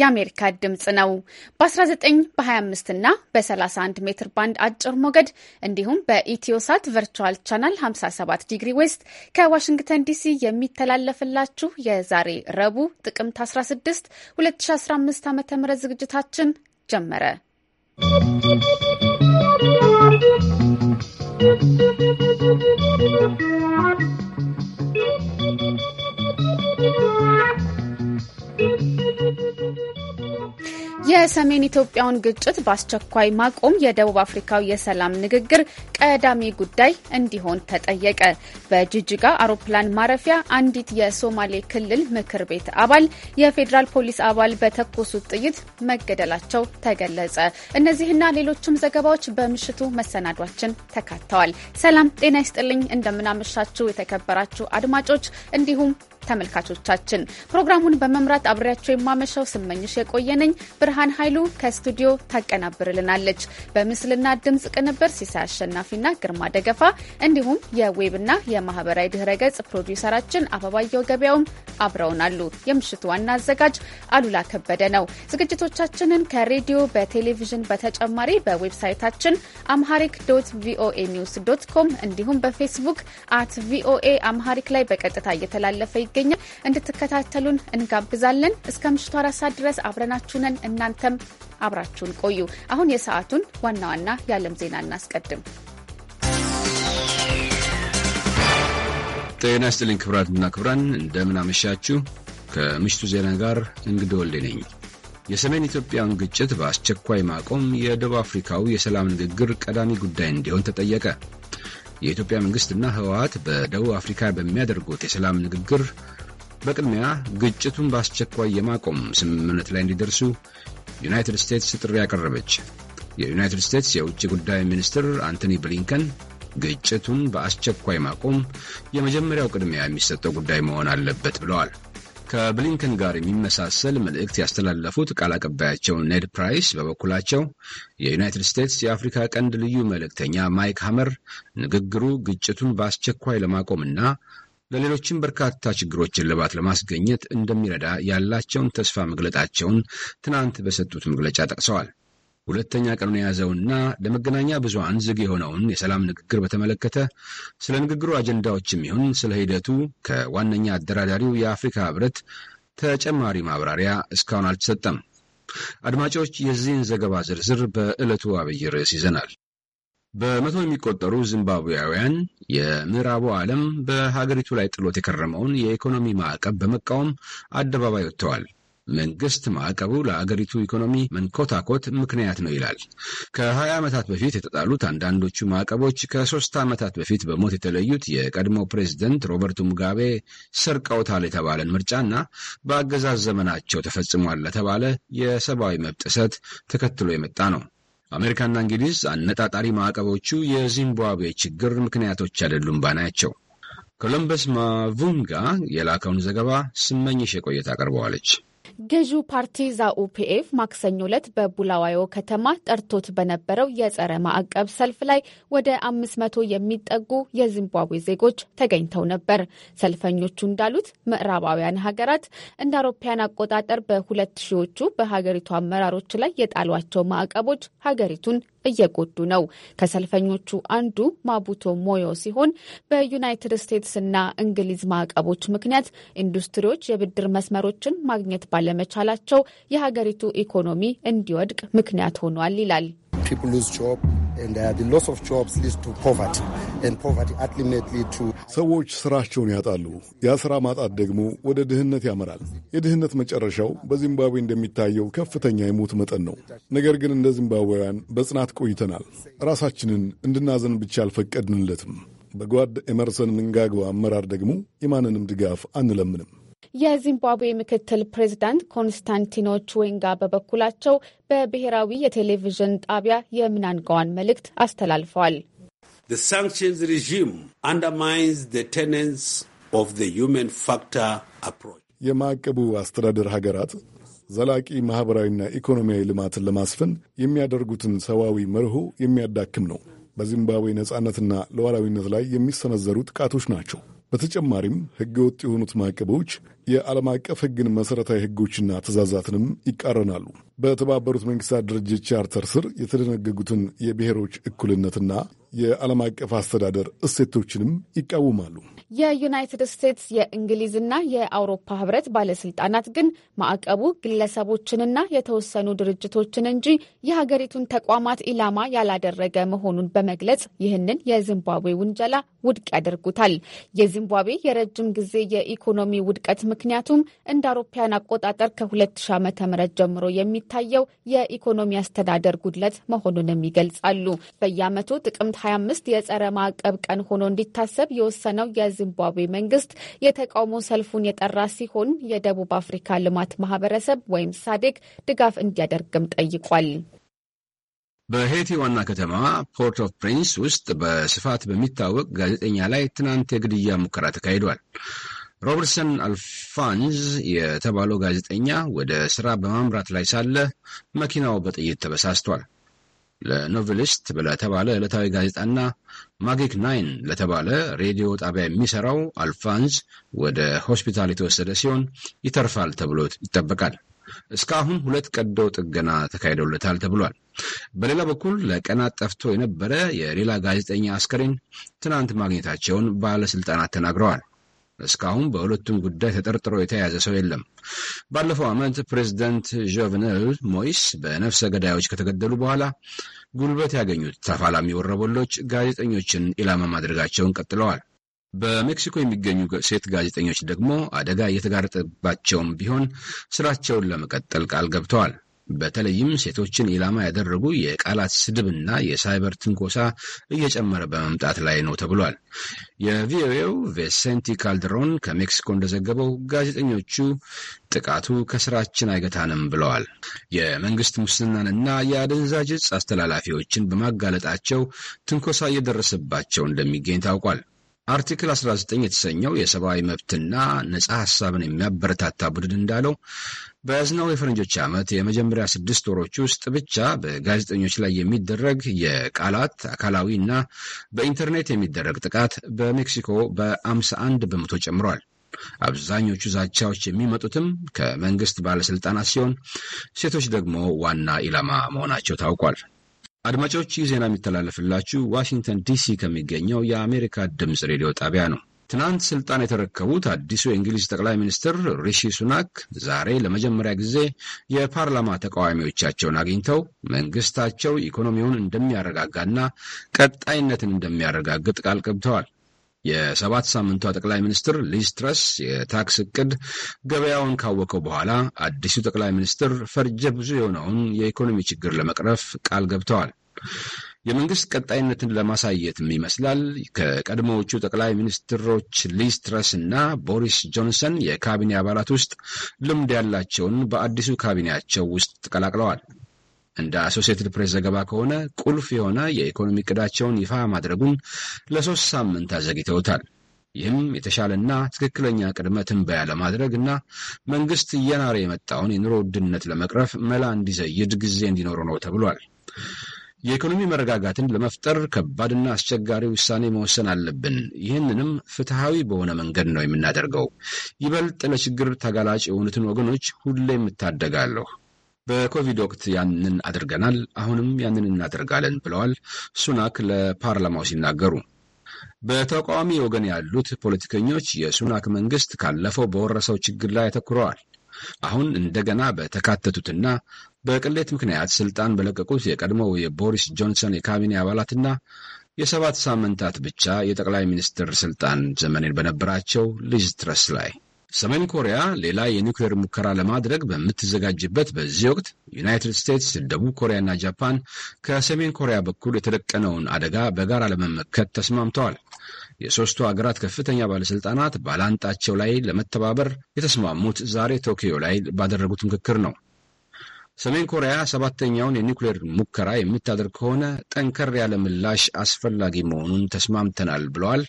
የአሜሪካ ድምፅ ነው። በ19 በ25 እና በ31 ሜትር ባንድ አጭር ሞገድ እንዲሁም በኢትዮሳት ቨርቹዋል ቻናል 57 ዲግሪ ዌስት ከዋሽንግተን ዲሲ የሚተላለፍላችሁ የዛሬ ረቡዕ ጥቅምት 16 2015 ዓ.ም ዝግጅታችን ጀመረ። የሰሜን ኢትዮጵያውን ግጭት በአስቸኳይ ማቆም የደቡብ አፍሪካው የሰላም ንግግር ቀዳሚ ጉዳይ እንዲሆን ተጠየቀ። በጅጅጋ አውሮፕላን ማረፊያ አንዲት የሶማሌ ክልል ምክር ቤት አባል የፌዴራል ፖሊስ አባል በተኮሱት ጥይት መገደላቸው ተገለጸ። እነዚህና ሌሎችም ዘገባዎች በምሽቱ መሰናዷችን ተካተዋል። ሰላም ጤና ይስጥልኝ። እንደምናመሻችሁ የተከበራችሁ አድማጮች እንዲሁም ተመልካቾቻችን ፕሮግራሙን በመምራት አብሬያቸው የማመሻው ስመኝሽ የቆየነኝ ብርሃን ኃይሉ ከስቱዲዮ ታቀናብርልናለች። በምስልና ድምፅ ቅንብር ሲሳይ አሸናፊና ግርማ ደገፋ እንዲሁም የዌብና የማህበራዊ ድህረ ገጽ ፕሮዲውሰራችን አበባየው ገበያውም አብረውናሉ። የምሽቱ ዋና አዘጋጅ አሉላ ከበደ ነው። ዝግጅቶቻችንን ከሬዲዮ በቴሌቪዥን በተጨማሪ በዌብሳይታችን አምሃሪክ ዶት ቪኦኤ ኒውስ ዶት ኮም እንዲሁም በፌስቡክ አት ቪኦኤ አምሃሪክ ላይ በቀጥታ እየተላለፈ ይገኛል። ይገኛል። እንድትከታተሉን እንጋብዛለን። እስከ ምሽቱ አራት ሰዓት ድረስ አብረናችሁነን። እናንተም አብራችሁን ቆዩ። አሁን የሰዓቱን ዋና ዋና የዓለም ዜና እናስቀድም። ጤና ይስጥልኝ ክብራትና ክብራን፣ እንደምናመሻችሁ ከምሽቱ ዜና ጋር እንግዳ ወልዴ ነኝ። የሰሜን ኢትዮጵያን ግጭት በአስቸኳይ ማቆም የደቡብ አፍሪካው የሰላም ንግግር ቀዳሚ ጉዳይ እንዲሆን ተጠየቀ። የኢትዮጵያ መንግስትና ህወሀት በደቡብ አፍሪካ በሚያደርጉት የሰላም ንግግር በቅድሚያ ግጭቱን በአስቸኳይ የማቆም ስምምነት ላይ እንዲደርሱ ዩናይትድ ስቴትስ ጥሪ ያቀረበች። የዩናይትድ ስቴትስ የውጭ ጉዳይ ሚኒስትር አንቶኒ ብሊንከን ግጭቱን በአስቸኳይ ማቆም የመጀመሪያው ቅድሚያ የሚሰጠው ጉዳይ መሆን አለበት ብለዋል። ከብሊንከን ጋር የሚመሳሰል መልእክት ያስተላለፉት ቃል አቀባያቸው ኔድ ፕራይስ በበኩላቸው የዩናይትድ ስቴትስ የአፍሪካ ቀንድ ልዩ መልእክተኛ ማይክ ሀመር ንግግሩ ግጭቱን በአስቸኳይ ለማቆምና ለሌሎችም በርካታ ችግሮችን ልባት ለማስገኘት እንደሚረዳ ያላቸውን ተስፋ መግለጣቸውን ትናንት በሰጡት መግለጫ ጠቅሰዋል። ሁለተኛ ቀኑን የያዘውና ለመገናኛ ብዙሃን ዝግ የሆነውን የሰላም ንግግር በተመለከተ ስለ ንግግሩ አጀንዳዎችም ይሁን ስለ ሂደቱ ከዋነኛ አደራዳሪው የአፍሪካ ህብረት ተጨማሪ ማብራሪያ እስካሁን አልተሰጠም። አድማጮች፣ የዚህን ዘገባ ዝርዝር በዕለቱ አብይ ርዕስ ይዘናል። በመቶ የሚቆጠሩ ዚምባብዌያውያን የምዕራቡ ዓለም በሀገሪቱ ላይ ጥሎት የከረመውን የኢኮኖሚ ማዕቀብ በመቃወም አደባባይ ወጥተዋል። መንግስት ማዕቀቡ ለአገሪቱ ኢኮኖሚ መንኮታኮት ምክንያት ነው ይላል። ከ20 ዓመታት በፊት የተጣሉት አንዳንዶቹ ማዕቀቦች ከሶስት ዓመታት በፊት በሞት የተለዩት የቀድሞ ፕሬዝደንት ሮበርቱ ሙጋቤ ሰርቀውታል የተባለን ምርጫና በአገዛዝ ዘመናቸው ተፈጽሟል ለተባለ የሰብአዊ መብት ጥሰት ተከትሎ የመጣ ነው። አሜሪካና እንግሊዝ አነጣጣሪ ማዕቀቦቹ የዚምባብዌ ችግር ምክንያቶች አይደሉም ባናያቸው። ኮሎምበስ ማቡንጋ የላከውን ዘገባ ስመኝሽ የቆየት አቀርበዋለች። ገዢው ፓርቲ ዛኡፒኤፍ ማክሰኞ ዕለት በቡላዋዮ ከተማ ጠርቶት በነበረው የጸረ ማዕቀብ ሰልፍ ላይ ወደ አምስት መቶ የሚጠጉ የዚምባብዌ ዜጎች ተገኝተው ነበር። ሰልፈኞቹ እንዳሉት ምዕራባውያን ሀገራት እንደ አውሮፓያን አቆጣጠር በሁለት ሺዎቹ በሀገሪቱ አመራሮች ላይ የጣሏቸው ማዕቀቦች ሀገሪቱን እየጎዱ ነው። ከሰልፈኞቹ አንዱ ማቡቶ ሞዮ ሲሆን በዩናይትድ እና እንግሊዝ ማዕቀቦች ምክንያት ኢንዱስትሪዎች የብድር መስመሮችን ማግኘት ባለመቻላቸው የሀገሪቱ ኢኮኖሚ እንዲወድቅ ምክንያት ሆኗል ይላል። ሰዎች ስራቸውን ያጣሉ። ያ ስራ ማጣት ደግሞ ወደ ድህነት ያመራል። የድህነት መጨረሻው በዚምባብዌ እንደሚታየው ከፍተኛ የሞት መጠን ነው። ነገር ግን እንደ ዚምባብዌውያን በጽናት ቆይተናል። ራሳችንን እንድናዘን ብቻ አልፈቀድንለትም። በጓድ ኤመርሰን ምንጋግባ አመራር ደግሞ የማንንም ድጋፍ አንለምንም። የዚምባብዌ ምክትል ፕሬዚዳንት ኮንስታንቲኖ ቹዌንጋ በበኩላቸው በብሔራዊ የቴሌቪዥን ጣቢያ የምናንጋዋን መልእክት አስተላልፈዋል። የማዕቀቡ አስተዳደር ሀገራት ዘላቂ ማኅበራዊና ኢኮኖሚያዊ ልማትን ለማስፈን የሚያደርጉትን ሰዋዊ መርሆ የሚያዳክም ነው። በዚምባብዌ ነጻነትና ለዋላዊነት ላይ የሚሰነዘሩ ጥቃቶች ናቸው። በተጨማሪም ሕገ ወጥ የሆኑት ማዕቀቦች የዓለም አቀፍ ሕግን መሠረታዊ ሕጎችና ትእዛዛትንም ይቃረናሉ። በተባበሩት መንግስታት ድርጅት ቻርተር ስር የተደነገጉትን የብሔሮች እኩልነትና የዓለም አቀፍ አስተዳደር እሴቶችንም ይቃወማሉ። የዩናይትድ ስቴትስ የእንግሊዝና የአውሮፓ ህብረት ባለስልጣናት ግን ማዕቀቡ ግለሰቦችንና የተወሰኑ ድርጅቶችን እንጂ የሀገሪቱን ተቋማት ኢላማ ያላደረገ መሆኑን በመግለጽ ይህንን የዚምባብዌ ውንጀላ ውድቅ ያደርጉታል። የዚምባብዌ የረጅም ጊዜ የኢኮኖሚ ውድቀት ምክንያቱም እንደ አውሮፓያን አቆጣጠር ከ2000 ዓ.ም ጀምሮ የሚታየው የኢኮኖሚ አስተዳደር ጉድለት መሆኑንም ይገልጻሉ። በየአመቱ ጥቅምት 25 የጸረ ማዕቀብ ቀን ሆኖ እንዲታሰብ የወሰነው የዚምባብዌ መንግስት የተቃውሞ ሰልፉን የጠራ ሲሆን የደቡብ አፍሪካ ልማት ማህበረሰብ ወይም ሳዴግ ድጋፍ እንዲያደርግም ጠይቋል። በሄቲ ዋና ከተማ ፖርት ኦፍ ፕሪንስ ውስጥ በስፋት በሚታወቅ ጋዜጠኛ ላይ ትናንት የግድያ ሙከራ ተካሂዷል። ሮበርትሰን አልፋንዝ የተባለው ጋዜጠኛ ወደ ስራ በማምራት ላይ ሳለ መኪናው በጥይት ተበሳስቷል። ለኖቬሊስት ለተባለ ዕለታዊ ጋዜጣና ማጊክ ናይን ለተባለ ሬዲዮ ጣቢያ የሚሰራው አልፋንዝ ወደ ሆስፒታል የተወሰደ ሲሆን ይተርፋል ተብሎ ይጠበቃል። እስካሁን ሁለት ቀዶ ጥገና ተካሂደውለታል ተብሏል። በሌላ በኩል ለቀናት ጠፍቶ የነበረ የሌላ ጋዜጠኛ አስከሬን ትናንት ማግኘታቸውን ባለስልጣናት ተናግረዋል። እስካሁን በሁለቱም ጉዳይ ተጠርጥሮ የተያዘ ሰው የለም። ባለፈው ዓመት ፕሬዚደንት ጆቨነል ሞይስ በነፍሰ ገዳዮች ከተገደሉ በኋላ ጉልበት ያገኙት ተፋላሚ ወረበሎች ጋዜጠኞችን ኢላማ ማድረጋቸውን ቀጥለዋል። በሜክሲኮ የሚገኙ ሴት ጋዜጠኞች ደግሞ አደጋ እየተጋረጠባቸውም ቢሆን ስራቸውን ለመቀጠል ቃል ገብተዋል። በተለይም ሴቶችን ኢላማ ያደረጉ የቃላት ስድብና የሳይበር ትንኮሳ እየጨመረ በመምጣት ላይ ነው ተብሏል። የቪኦኤው ቬሴንቲ ካልድሮን ከሜክሲኮ እንደዘገበው ጋዜጠኞቹ ጥቃቱ ከስራችን አይገታንም ብለዋል። የመንግስት ሙስናንና የአደንዛዥ እጽ አስተላላፊዎችን በማጋለጣቸው ትንኮሳ እየደረሰባቸው እንደሚገኝ ታውቋል። አርቲክል 19 የተሰኘው የሰብአዊ መብትና ነጻ ሀሳብን የሚያበረታታ ቡድን እንዳለው በያዝነው የፈረንጆች ዓመት የመጀመሪያ ስድስት ወሮች ውስጥ ብቻ በጋዜጠኞች ላይ የሚደረግ የቃላት አካላዊ እና በኢንተርኔት የሚደረግ ጥቃት በሜክሲኮ በ51 በመቶ ጨምሯል። አብዛኞቹ ዛቻዎች የሚመጡትም ከመንግስት ባለስልጣናት ሲሆን ሴቶች ደግሞ ዋና ኢላማ መሆናቸው ታውቋል። አድማጮች ይህ ዜና የሚተላለፍላችሁ ዋሽንግተን ዲሲ ከሚገኘው የአሜሪካ ድምፅ ሬዲዮ ጣቢያ ነው። ትናንት ስልጣን የተረከቡት አዲሱ የእንግሊዝ ጠቅላይ ሚኒስትር ሪሺ ሱናክ ዛሬ ለመጀመሪያ ጊዜ የፓርላማ ተቃዋሚዎቻቸውን አግኝተው መንግስታቸው ኢኮኖሚውን እንደሚያረጋጋና ቀጣይነትን እንደሚያረጋግጥ ቃል ገብተዋል። የሰባት ሳምንቷ ጠቅላይ ሚኒስትር ሊስትረስ ትረስ የታክስ እቅድ ገበያውን ካወቀው በኋላ አዲሱ ጠቅላይ ሚኒስትር ፈርጀ ብዙ የሆነውን የኢኮኖሚ ችግር ለመቅረፍ ቃል ገብተዋል። የመንግስት ቀጣይነትን ለማሳየትም ይመስላል ከቀድሞዎቹ ጠቅላይ ሚኒስትሮች ሊስትረስ እና ቦሪስ ጆንሰን የካቢኔ አባላት ውስጥ ልምድ ያላቸውን በአዲሱ ካቢኔያቸው ውስጥ ተቀላቅለዋል። እንደ አሶሲየትድ ፕሬስ ዘገባ ከሆነ ቁልፍ የሆነ የኢኮኖሚ እቅዳቸውን ይፋ ማድረጉን ለሶስት ሳምንት አዘግተውታል። ይህም የተሻለና ትክክለኛ ቅድመ ትንበያ ለማድረግ እና መንግስት እየናረ የመጣውን የኑሮ ውድነት ለመቅረፍ መላ እንዲዘይድ ጊዜ እንዲኖረው ነው ተብሏል። የኢኮኖሚ መረጋጋትን ለመፍጠር ከባድና አስቸጋሪ ውሳኔ መወሰን አለብን። ይህንንም ፍትሐዊ በሆነ መንገድ ነው የምናደርገው። ይበልጥ ለችግር ተጋላጭ የሆኑትን ወገኖች ሁሌም እታደጋለሁ። በኮቪድ ወቅት ያንን አድርገናል፣ አሁንም ያንን እናደርጋለን ብለዋል ሱናክ ለፓርላማው ሲናገሩ። በተቃዋሚ ወገን ያሉት ፖለቲከኞች የሱናክ መንግስት ካለፈው በወረሰው ችግር ላይ አተኩረዋል። አሁን እንደገና በተካተቱትና በቅሌት ምክንያት ስልጣን በለቀቁት የቀድሞው የቦሪስ ጆንሰን የካቢኔ አባላትና የሰባት ሳምንታት ብቻ የጠቅላይ ሚኒስትር ስልጣን ዘመኔን በነበራቸው ልጅ ትረስ ላይ ሰሜን ኮሪያ ሌላ የኒውክሌር ሙከራ ለማድረግ በምትዘጋጅበት በዚህ ወቅት ዩናይትድ ስቴትስ፣ ደቡብ ኮሪያና ጃፓን ከሰሜን ኮሪያ በኩል የተደቀነውን አደጋ በጋራ ለመመከት ተስማምተዋል። የሦስቱ አገራት ከፍተኛ ባለሥልጣናት ባላንጣቸው ላይ ለመተባበር የተስማሙት ዛሬ ቶኪዮ ላይ ባደረጉት ምክክር ነው። ሰሜን ኮሪያ ሰባተኛውን የኒውክሌር ሙከራ የምታደርግ ከሆነ ጠንከር ያለ ምላሽ አስፈላጊ መሆኑን ተስማምተናል ብለዋል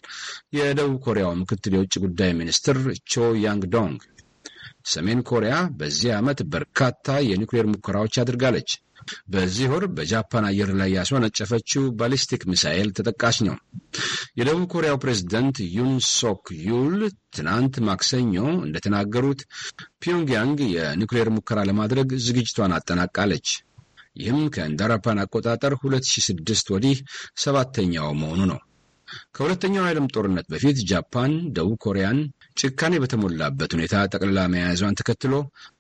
የደቡብ ኮሪያው ምክትል የውጭ ጉዳይ ሚኒስትር ቾ ያንግ ዶንግ። ሰሜን ኮሪያ በዚህ ዓመት በርካታ የኒውክሌር ሙከራዎች አድርጋለች። በዚህ ወር በጃፓን አየር ላይ ያስወነጨፈችው ባሊስቲክ ሚሳኤል ተጠቃሽ ነው። የደቡብ ኮሪያው ፕሬዝደንት ዩንሶክ ዩል ትናንት ማክሰኞ እንደተናገሩት ፒዮንግያንግ የኒውክሌር ሙከራ ለማድረግ ዝግጅቷን አጠናቃለች። ይህም ከእንደ አውሮፓውያን አቆጣጠር 2006 ወዲህ ሰባተኛው መሆኑ ነው። ከሁለተኛው ዓለም ጦርነት በፊት ጃፓን ደቡብ ኮሪያን ጭካኔ በተሞላበት ሁኔታ ጠቅልላ መያዟን ተከትሎ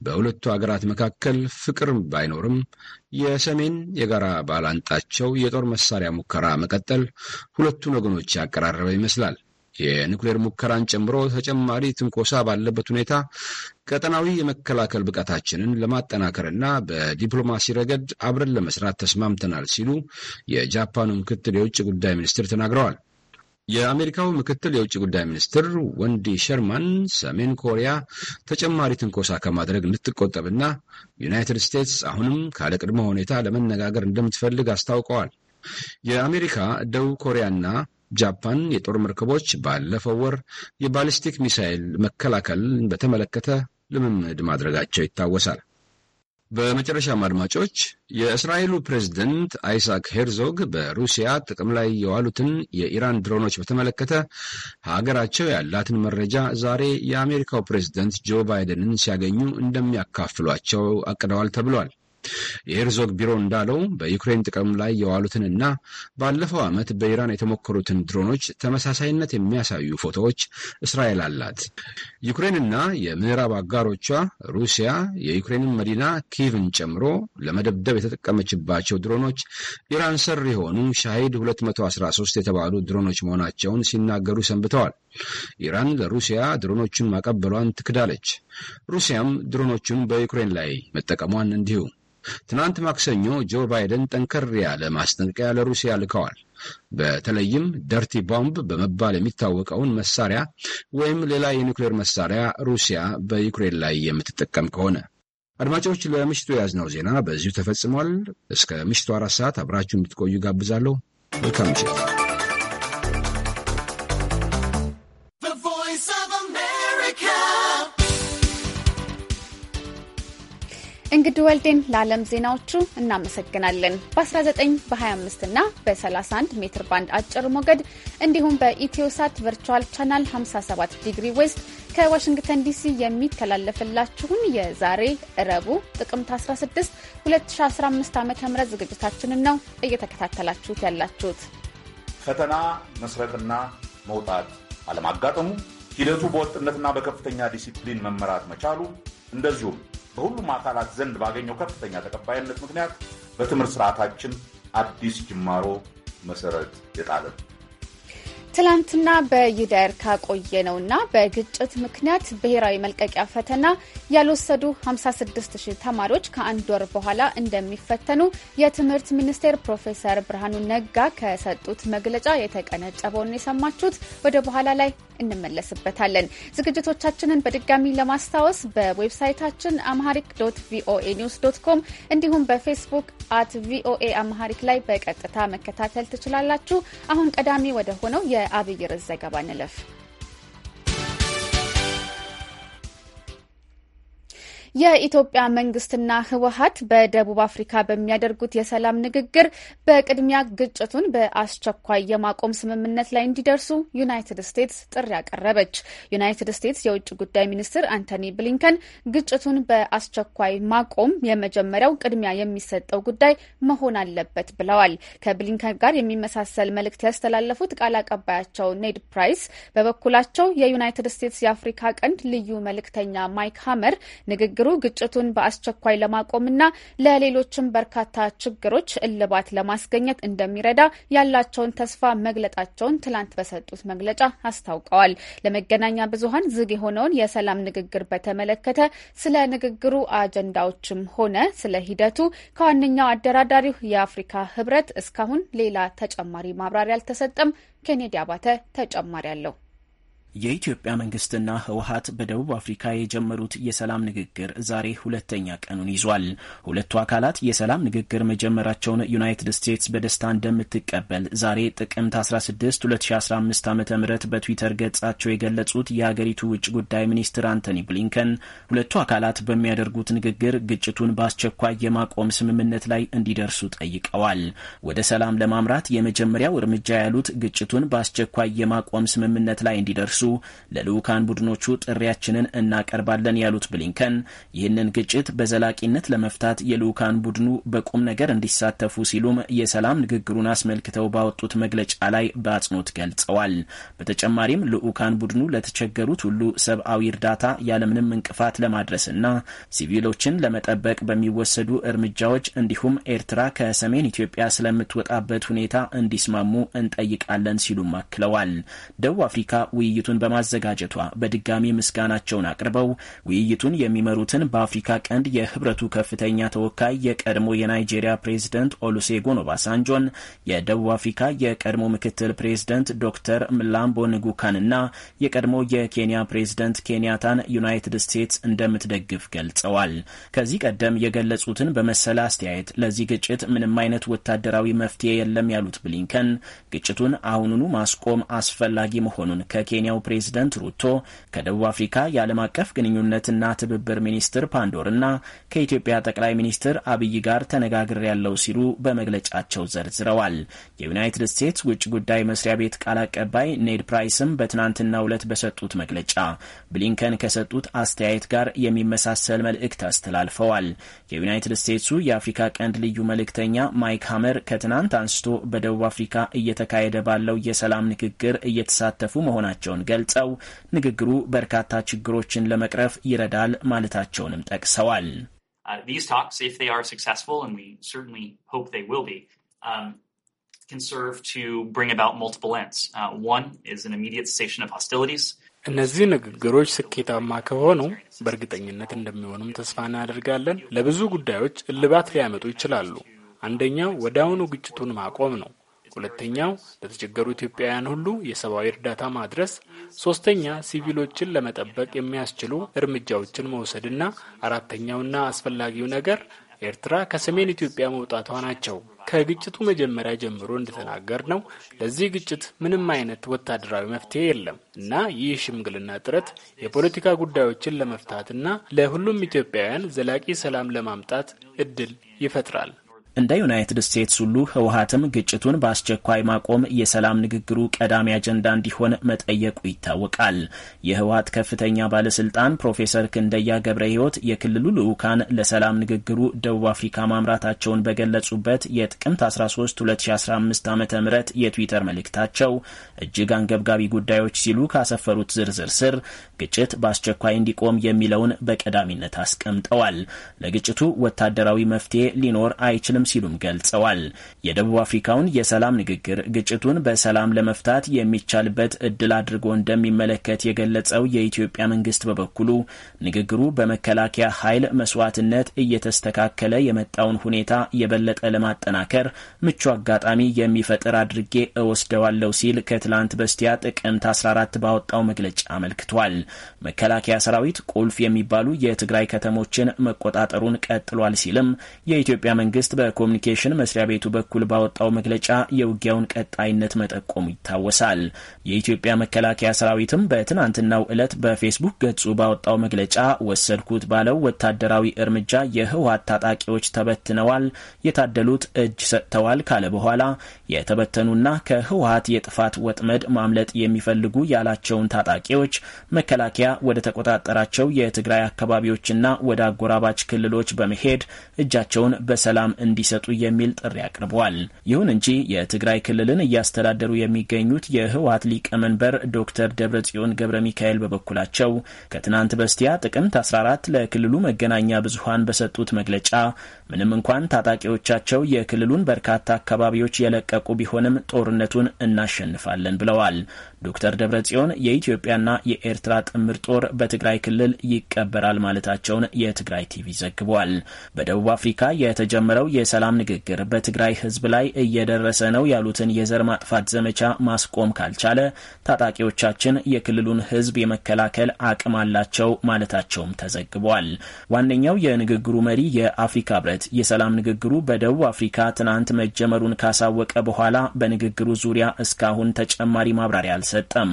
በሁለቱ አገራት መካከል ፍቅር ባይኖርም የሰሜን የጋራ ባላንጣቸው የጦር መሳሪያ ሙከራ መቀጠል ሁለቱን ወገኖች ያቀራረበ ይመስላል። የኒኩሌር ሙከራን ጨምሮ ተጨማሪ ትንኮሳ ባለበት ሁኔታ ቀጠናዊ የመከላከል ብቃታችንን ለማጠናከርና በዲፕሎማሲ ረገድ አብረን ለመስራት ተስማምተናል ሲሉ የጃፓኑ ምክትል የውጭ ጉዳይ ሚኒስትር ተናግረዋል። የአሜሪካው ምክትል የውጭ ጉዳይ ሚኒስትር ወንዲ ሸርማን ሰሜን ኮሪያ ተጨማሪ ትንኮሳ ከማድረግ እንድትቆጠብና ዩናይትድ ስቴትስ አሁንም ካለቅድመ ሁኔታ ለመነጋገር እንደምትፈልግ አስታውቀዋል። የአሜሪካ ደቡብ ኮሪያና ጃፓን የጦር መርከቦች ባለፈው ወር የባሊስቲክ ሚሳይል መከላከል በተመለከተ ልምምድ ማድረጋቸው ይታወሳል። በመጨረሻም አድማጮች የእስራኤሉ ፕሬዝደንት አይሳክ ሄርዞግ በሩሲያ ጥቅም ላይ የዋሉትን የኢራን ድሮኖች በተመለከተ ሀገራቸው ያላትን መረጃ ዛሬ የአሜሪካው ፕሬዝደንት ጆ ባይደንን ሲያገኙ እንደሚያካፍሏቸው አቅደዋል ተብሏል። የሄርዞግ ቢሮ እንዳለው በዩክሬን ጥቅም ላይ የዋሉትንና ባለፈው ዓመት በኢራን የተሞከሩትን ድሮኖች ተመሳሳይነት የሚያሳዩ ፎቶዎች እስራኤል አላት። ዩክሬንና የምዕራብ አጋሮቿ ሩሲያ የዩክሬንን መዲና ኪቭን ጨምሮ ለመደብደብ የተጠቀመችባቸው ድሮኖች ኢራን ሰር የሆኑ ሻሂድ 213 የተባሉ ድሮኖች መሆናቸውን ሲናገሩ ሰንብተዋል። ኢራን ለሩሲያ ድሮኖቹን ማቀበሏን ትክዳለች። ሩሲያም ድሮኖቹን በዩክሬን ላይ መጠቀሟን እንዲሁ ትናንት ማክሰኞ ጆ ባይደን ጠንከር ያለ ማስጠንቀቂያ ለሩሲያ ልከዋል። በተለይም ደርቲ ቦምብ በመባል የሚታወቀውን መሳሪያ ወይም ሌላ የኒውክሌር መሳሪያ ሩሲያ በዩክሬን ላይ የምትጠቀም ከሆነ። አድማጮች፣ ለምሽቱ የያዝነው ዜና በዚሁ ተፈጽሟል። እስከ ምሽቱ አራት ሰዓት አብራችሁ እንድትቆዩ ጋብዛለሁ። መልካም ምሽት። እንግዲህ ወልዴን ለዓለም ዜናዎቹ እናመሰግናለን። በ19 በ25 እና በ31 ሜትር ባንድ አጭር ሞገድ እንዲሁም በኢትዮሳት ቨርቹዋል ቻናል 57 ዲግሪ ዌስት ከዋሽንግተን ዲሲ የሚተላለፍላችሁን የዛሬ እረቡ ጥቅምት 16 2015 ዓ ም ዝግጅታችንን ነው እየተከታተላችሁት ያላችሁት። ፈተና መስረቅና መውጣት አለማጋጠሙ፣ ሂደቱ በወጥነትና በከፍተኛ ዲሲፕሊን መመራት መቻሉ እንደዚሁም በሁሉም አካላት ዘንድ ባገኘው ከፍተኛ ተቀባይነት ምክንያት በትምህርት ስርዓታችን አዲስ ጅማሮ መሰረት የጣለ ነው። ትላንትና በይዳይር ካቆየነውና በግጭት ምክንያት ብሔራዊ መልቀቂያ ፈተና ያልወሰዱ 56000 ተማሪዎች ከአንድ ወር በኋላ እንደሚፈተኑ የትምህርት ሚኒስቴር ፕሮፌሰር ብርሃኑ ነጋ ከሰጡት መግለጫ የተቀነጨበውን የሰማችሁት። ወደ በኋላ ላይ እንመለስበታለን። ዝግጅቶቻችንን በድጋሚ ለማስታወስ በዌብሳይታችን አምሃሪክ ዶት ቪኦኤ ኒውስ ዶት ኮም እንዲሁም በፌስቡክ አት ቪኦኤ አምሃሪክ ላይ በቀጥታ መከታተል ትችላላችሁ። አሁን ቀዳሚ ወደ ሆነው የ አብይ ርዕስ ዘገባ እንለፍ። የኢትዮጵያ መንግስትና ህወሀት በደቡብ አፍሪካ በሚያደርጉት የሰላም ንግግር በቅድሚያ ግጭቱን በአስቸኳይ የማቆም ስምምነት ላይ እንዲደርሱ ዩናይትድ ስቴትስ ጥሪ አቀረበች። ዩናይትድ ስቴትስ የውጭ ጉዳይ ሚኒስትር አንቶኒ ብሊንከን ግጭቱን በአስቸኳይ ማቆም የመጀመሪያው ቅድሚያ የሚሰጠው ጉዳይ መሆን አለበት ብለዋል። ከብሊንከን ጋር የሚመሳሰል መልእክት ያስተላለፉት ቃል አቀባያቸው ኔድ ፕራይስ በበኩላቸው የዩናይትድ ስቴትስ የአፍሪካ ቀንድ ልዩ መልእክተኛ ማይክ ሀመር ንግግር ችግሩ ግጭቱን በአስቸኳይ ለማቆምና ለሌሎችም በርካታ ችግሮች እልባት ለማስገኘት እንደሚረዳ ያላቸውን ተስፋ መግለጣቸውን ትላንት በሰጡት መግለጫ አስታውቀዋል። ለመገናኛ ብዙኃን ዝግ የሆነውን የሰላም ንግግር በተመለከተ ስለ ንግግሩ አጀንዳዎችም ሆነ ስለ ሂደቱ ከዋነኛው አደራዳሪው የአፍሪካ ህብረት እስካሁን ሌላ ተጨማሪ ማብራሪያ አልተሰጠም። ኬኔዲ አባተ ተጨማሪ አለው። የኢትዮጵያ መንግስትና ህወሀት በደቡብ አፍሪካ የጀመሩት የሰላም ንግግር ዛሬ ሁለተኛ ቀኑን ይዟል። ሁለቱ አካላት የሰላም ንግግር መጀመራቸውን ዩናይትድ ስቴትስ በደስታ እንደምትቀበል ዛሬ ጥቅምት 16 2015 ዓ ም በትዊተር ገጻቸው የገለጹት የአገሪቱ ውጭ ጉዳይ ሚኒስትር አንቶኒ ብሊንከን ሁለቱ አካላት በሚያደርጉት ንግግር ግጭቱን በአስቸኳይ የማቆም ስምምነት ላይ እንዲደርሱ ጠይቀዋል። ወደ ሰላም ለማምራት የመጀመሪያው እርምጃ ያሉት ግጭቱን በአስቸኳይ የማቆም ስምምነት ላይ እንዲደርሱ ሲጠቅሱ ለልዑካን ቡድኖቹ ጥሪያችንን እናቀርባለን ያሉት ብሊንከን ይህንን ግጭት በዘላቂነት ለመፍታት የልዑካን ቡድኑ በቁም ነገር እንዲሳተፉ ሲሉም የሰላም ንግግሩን አስመልክተው ባወጡት መግለጫ ላይ በአጽንኦት ገልጸዋል። በተጨማሪም ልዑካን ቡድኑ ለተቸገሩት ሁሉ ሰብአዊ እርዳታ ያለምንም እንቅፋት ለማድረስና ሲቪሎችን ለመጠበቅ በሚወሰዱ እርምጃዎች እንዲሁም ኤርትራ ከሰሜን ኢትዮጵያ ስለምትወጣበት ሁኔታ እንዲስማሙ እንጠይቃለን ሲሉም አክለዋል። ደቡብ አፍሪካ ውይይቱ ውይይቱን በማዘጋጀቷ በድጋሚ ምስጋናቸውን አቅርበው ውይይቱን የሚመሩትን በአፍሪካ ቀንድ የህብረቱ ከፍተኛ ተወካይ የቀድሞ የናይጄሪያ ፕሬዝደንት ኦሉሴጎን ኦባሳንጆን፣ የደቡብ አፍሪካ የቀድሞ ምክትል ፕሬዝደንት ዶክተር ምላምቦ ንጉካንና የቀድሞ የኬንያ ፕሬዝደንት ኬንያታን ዩናይትድ ስቴትስ እንደምትደግፍ ገልጸዋል። ከዚህ ቀደም የገለጹትን በመሰለ አስተያየት ለዚህ ግጭት ምንም አይነት ወታደራዊ መፍትሄ የለም ያሉት ብሊንከን ግጭቱን አሁኑኑ ማስቆም አስፈላጊ መሆኑን ከኬንያው የኬንያው ፕሬዝደንት ሩቶ ከደቡብ አፍሪካ የዓለም አቀፍ ግንኙነትና ትብብር ሚኒስትር ፓንዶርና ከኢትዮጵያ ጠቅላይ ሚኒስትር አብይ ጋር ተነጋግር ያለው ሲሉ በመግለጫቸው ዘርዝረዋል። የዩናይትድ ስቴትስ ውጭ ጉዳይ መስሪያ ቤት ቃል አቀባይ ኔድ ፕራይስም በትናንትናው ዕለት በሰጡት መግለጫ ብሊንከን ከሰጡት አስተያየት ጋር የሚመሳሰል መልእክት አስተላልፈዋል። የዩናይትድ ስቴትሱ የአፍሪካ ቀንድ ልዩ መልእክተኛ ማይክ ሀመር ከትናንት አንስቶ በደቡብ አፍሪካ እየተካሄደ ባለው የሰላም ንግግር እየተሳተፉ መሆናቸውን ገልጸው ንግግሩ በርካታ ችግሮችን ለመቅረፍ ይረዳል ማለታቸውንም ጠቅሰዋል። uh, um, uh, እነዚህ ንግግሮች ስኬታማ ከሆኑ በእርግጠኝነት እንደሚሆኑም ተስፋ እናደርጋለን። ለብዙ ጉዳዮች እልባት ሊያመጡ ይችላሉ። አንደኛው አሁኑ ግጭቱን ማቆም ነው። ሁለተኛው ለተቸገሩ ኢትዮጵያውያን ሁሉ የሰብአዊ እርዳታ ማድረስ፣ ሶስተኛ ሲቪሎችን ለመጠበቅ የሚያስችሉ እርምጃዎችን መውሰድና አራተኛውና አስፈላጊው ነገር ኤርትራ ከሰሜን ኢትዮጵያ መውጣቷ ናቸው። ከግጭቱ መጀመሪያ ጀምሮ እንደተናገር ነው ለዚህ ግጭት ምንም አይነት ወታደራዊ መፍትሄ የለም እና ይህ ሽምግልና ጥረት የፖለቲካ ጉዳዮችን ለመፍታትና ለሁሉም ኢትዮጵያውያን ዘላቂ ሰላም ለማምጣት እድል ይፈጥራል። እንደ ዩናይትድ ስቴትስ ሁሉ ህወሀትም ግጭቱን በአስቸኳይ ማቆም የሰላም ንግግሩ ቀዳሚ አጀንዳ እንዲሆን መጠየቁ ይታወቃል። የህወሀት ከፍተኛ ባለስልጣን ፕሮፌሰር ክንደያ ገብረ ህይወት የክልሉ ልዑካን ለሰላም ንግግሩ ደቡብ አፍሪካ ማምራታቸውን በገለጹበት የጥቅምት 13 2015 ዓ ም የትዊተር መልእክታቸው እጅግ አንገብጋቢ ጉዳዮች ሲሉ ካሰፈሩት ዝርዝር ስር ግጭት በአስቸኳይ እንዲቆም የሚለውን በቀዳሚነት አስቀምጠዋል። ለግጭቱ ወታደራዊ መፍትሄ ሊኖር አይችልም ሲሉም ገልጸዋል። የደቡብ አፍሪካውን የሰላም ንግግር ግጭቱን በሰላም ለመፍታት የሚቻልበት እድል አድርጎ እንደሚመለከት የገለጸው የኢትዮጵያ መንግስት በበኩሉ ንግግሩ በመከላከያ ኃይል መስዋዕትነት እየተስተካከለ የመጣውን ሁኔታ የበለጠ ለማጠናከር ምቹ አጋጣሚ የሚፈጥር አድርጌ እወስደዋለሁ ሲል ከትላንት በስቲያ ጥቅምት 14 ባወጣው መግለጫ አመልክቷል። መከላከያ ሰራዊት ቁልፍ የሚባሉ የትግራይ ከተሞችን መቆጣጠሩን ቀጥሏል ሲልም የኢትዮጵያ መንግስት በኮሚኒኬሽን መስሪያ ቤቱ በኩል ባወጣው መግለጫ የውጊያውን ቀጣይነት መጠቆሙ ይታወሳል። የኢትዮጵያ መከላከያ ሰራዊትም በትናንትናው ዕለት በፌስቡክ ገጹ ባወጣው መግለጫ ወሰድኩት ባለው ወታደራዊ እርምጃ የህወሀት ታጣቂዎች ተበትነዋል፣ የታደሉት እጅ ሰጥተዋል ካለ በኋላ የተበተኑና ከህወሀት የጥፋት ወጥመድ ማምለጥ የሚፈልጉ ያላቸውን ታጣቂዎች መከላ መከላከያ ወደ ተቆጣጠራቸው የትግራይ አካባቢዎችና ወደ አጎራባች ክልሎች በመሄድ እጃቸውን በሰላም እንዲሰጡ የሚል ጥሪ አቅርበዋል። ይሁን እንጂ የትግራይ ክልልን እያስተዳደሩ የሚገኙት የህወሀት ሊቀመንበር ዶክተር ደብረጽዮን ገብረ ሚካኤል በበኩላቸው ከትናንት በስቲያ ጥቅምት 14 ለክልሉ መገናኛ ብዙሀን በሰጡት መግለጫ ምንም እንኳን ታጣቂዎቻቸው የክልሉን በርካታ አካባቢዎች የለቀቁ ቢሆንም ጦርነቱን እናሸንፋለን ብለዋል። ዶክተር ደብረጽዮን የኢትዮጵያና የኤርትራ ጥምር ጦር በትግራይ ክልል ይቀበራል ማለታቸውን የትግራይ ቲቪ ዘግቧል። በደቡብ አፍሪካ የተጀመረው የሰላም ንግግር በትግራይ ሕዝብ ላይ እየደረሰ ነው ያሉትን የዘር ማጥፋት ዘመቻ ማስቆም ካልቻለ ታጣቂዎቻችን የክልሉን ሕዝብ የመከላከል አቅም አላቸው ማለታቸውም ተዘግቧል። ዋነኛው የንግግሩ መሪ የአፍሪካ ብረ በማለት የሰላም ንግግሩ በደቡብ አፍሪካ ትናንት መጀመሩን ካሳወቀ በኋላ በንግግሩ ዙሪያ እስካሁን ተጨማሪ ማብራሪያ አልሰጠም።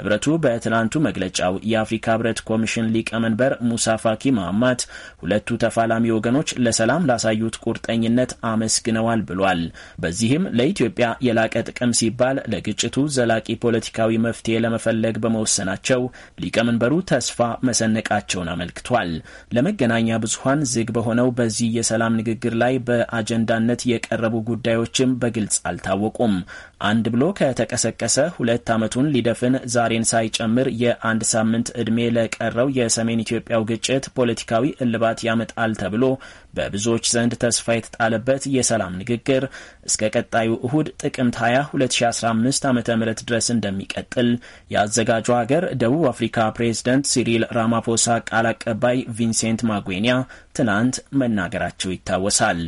ህብረቱ በትናንቱ መግለጫው የአፍሪካ ህብረት ኮሚሽን ሊቀመንበር ሙሳ ፋኪ ማማት ሁለቱ ተፋላሚ ወገኖች ለሰላም ላሳዩት ቁርጠኝነት አመስግነዋል ብሏል። በዚህም ለኢትዮጵያ የላቀ ጥቅም ሲባል ለግጭቱ ዘላቂ ፖለቲካዊ መፍትሄ ለመፈለግ በመወሰናቸው ሊቀመንበሩ ተስፋ መሰነቃቸውን አመልክቷል። ለመገናኛ ብዙሀን ዝግ በሆነው በዚህ የሰላም ሰላም ንግግር ላይ በአጀንዳነት የቀረቡ ጉዳዮችም በግልጽ አልታወቁም። አንድ ብሎ ከተቀሰቀሰ ሁለት ዓመቱን ሊደፍን ዛሬን ሳይጨምር የአንድ ሳምንት ዕድሜ ለቀረው የሰሜን ኢትዮጵያው ግጭት ፖለቲካዊ እልባት ያመጣል ተብሎ በብዙዎች ዘንድ ተስፋ የተጣለበት የሰላም ንግግር እስከ ቀጣዩ እሁድ ጥቅምት 20 2015 ዓ ም ድረስ እንደሚቀጥል የአዘጋጁ ሀገር ደቡብ አፍሪካ ፕሬዝደንት ሲሪል ራማፎሳ ቃል አቀባይ ቪንሴንት ማጉኒያ ትናንት መናገራቸው ይታወሳል።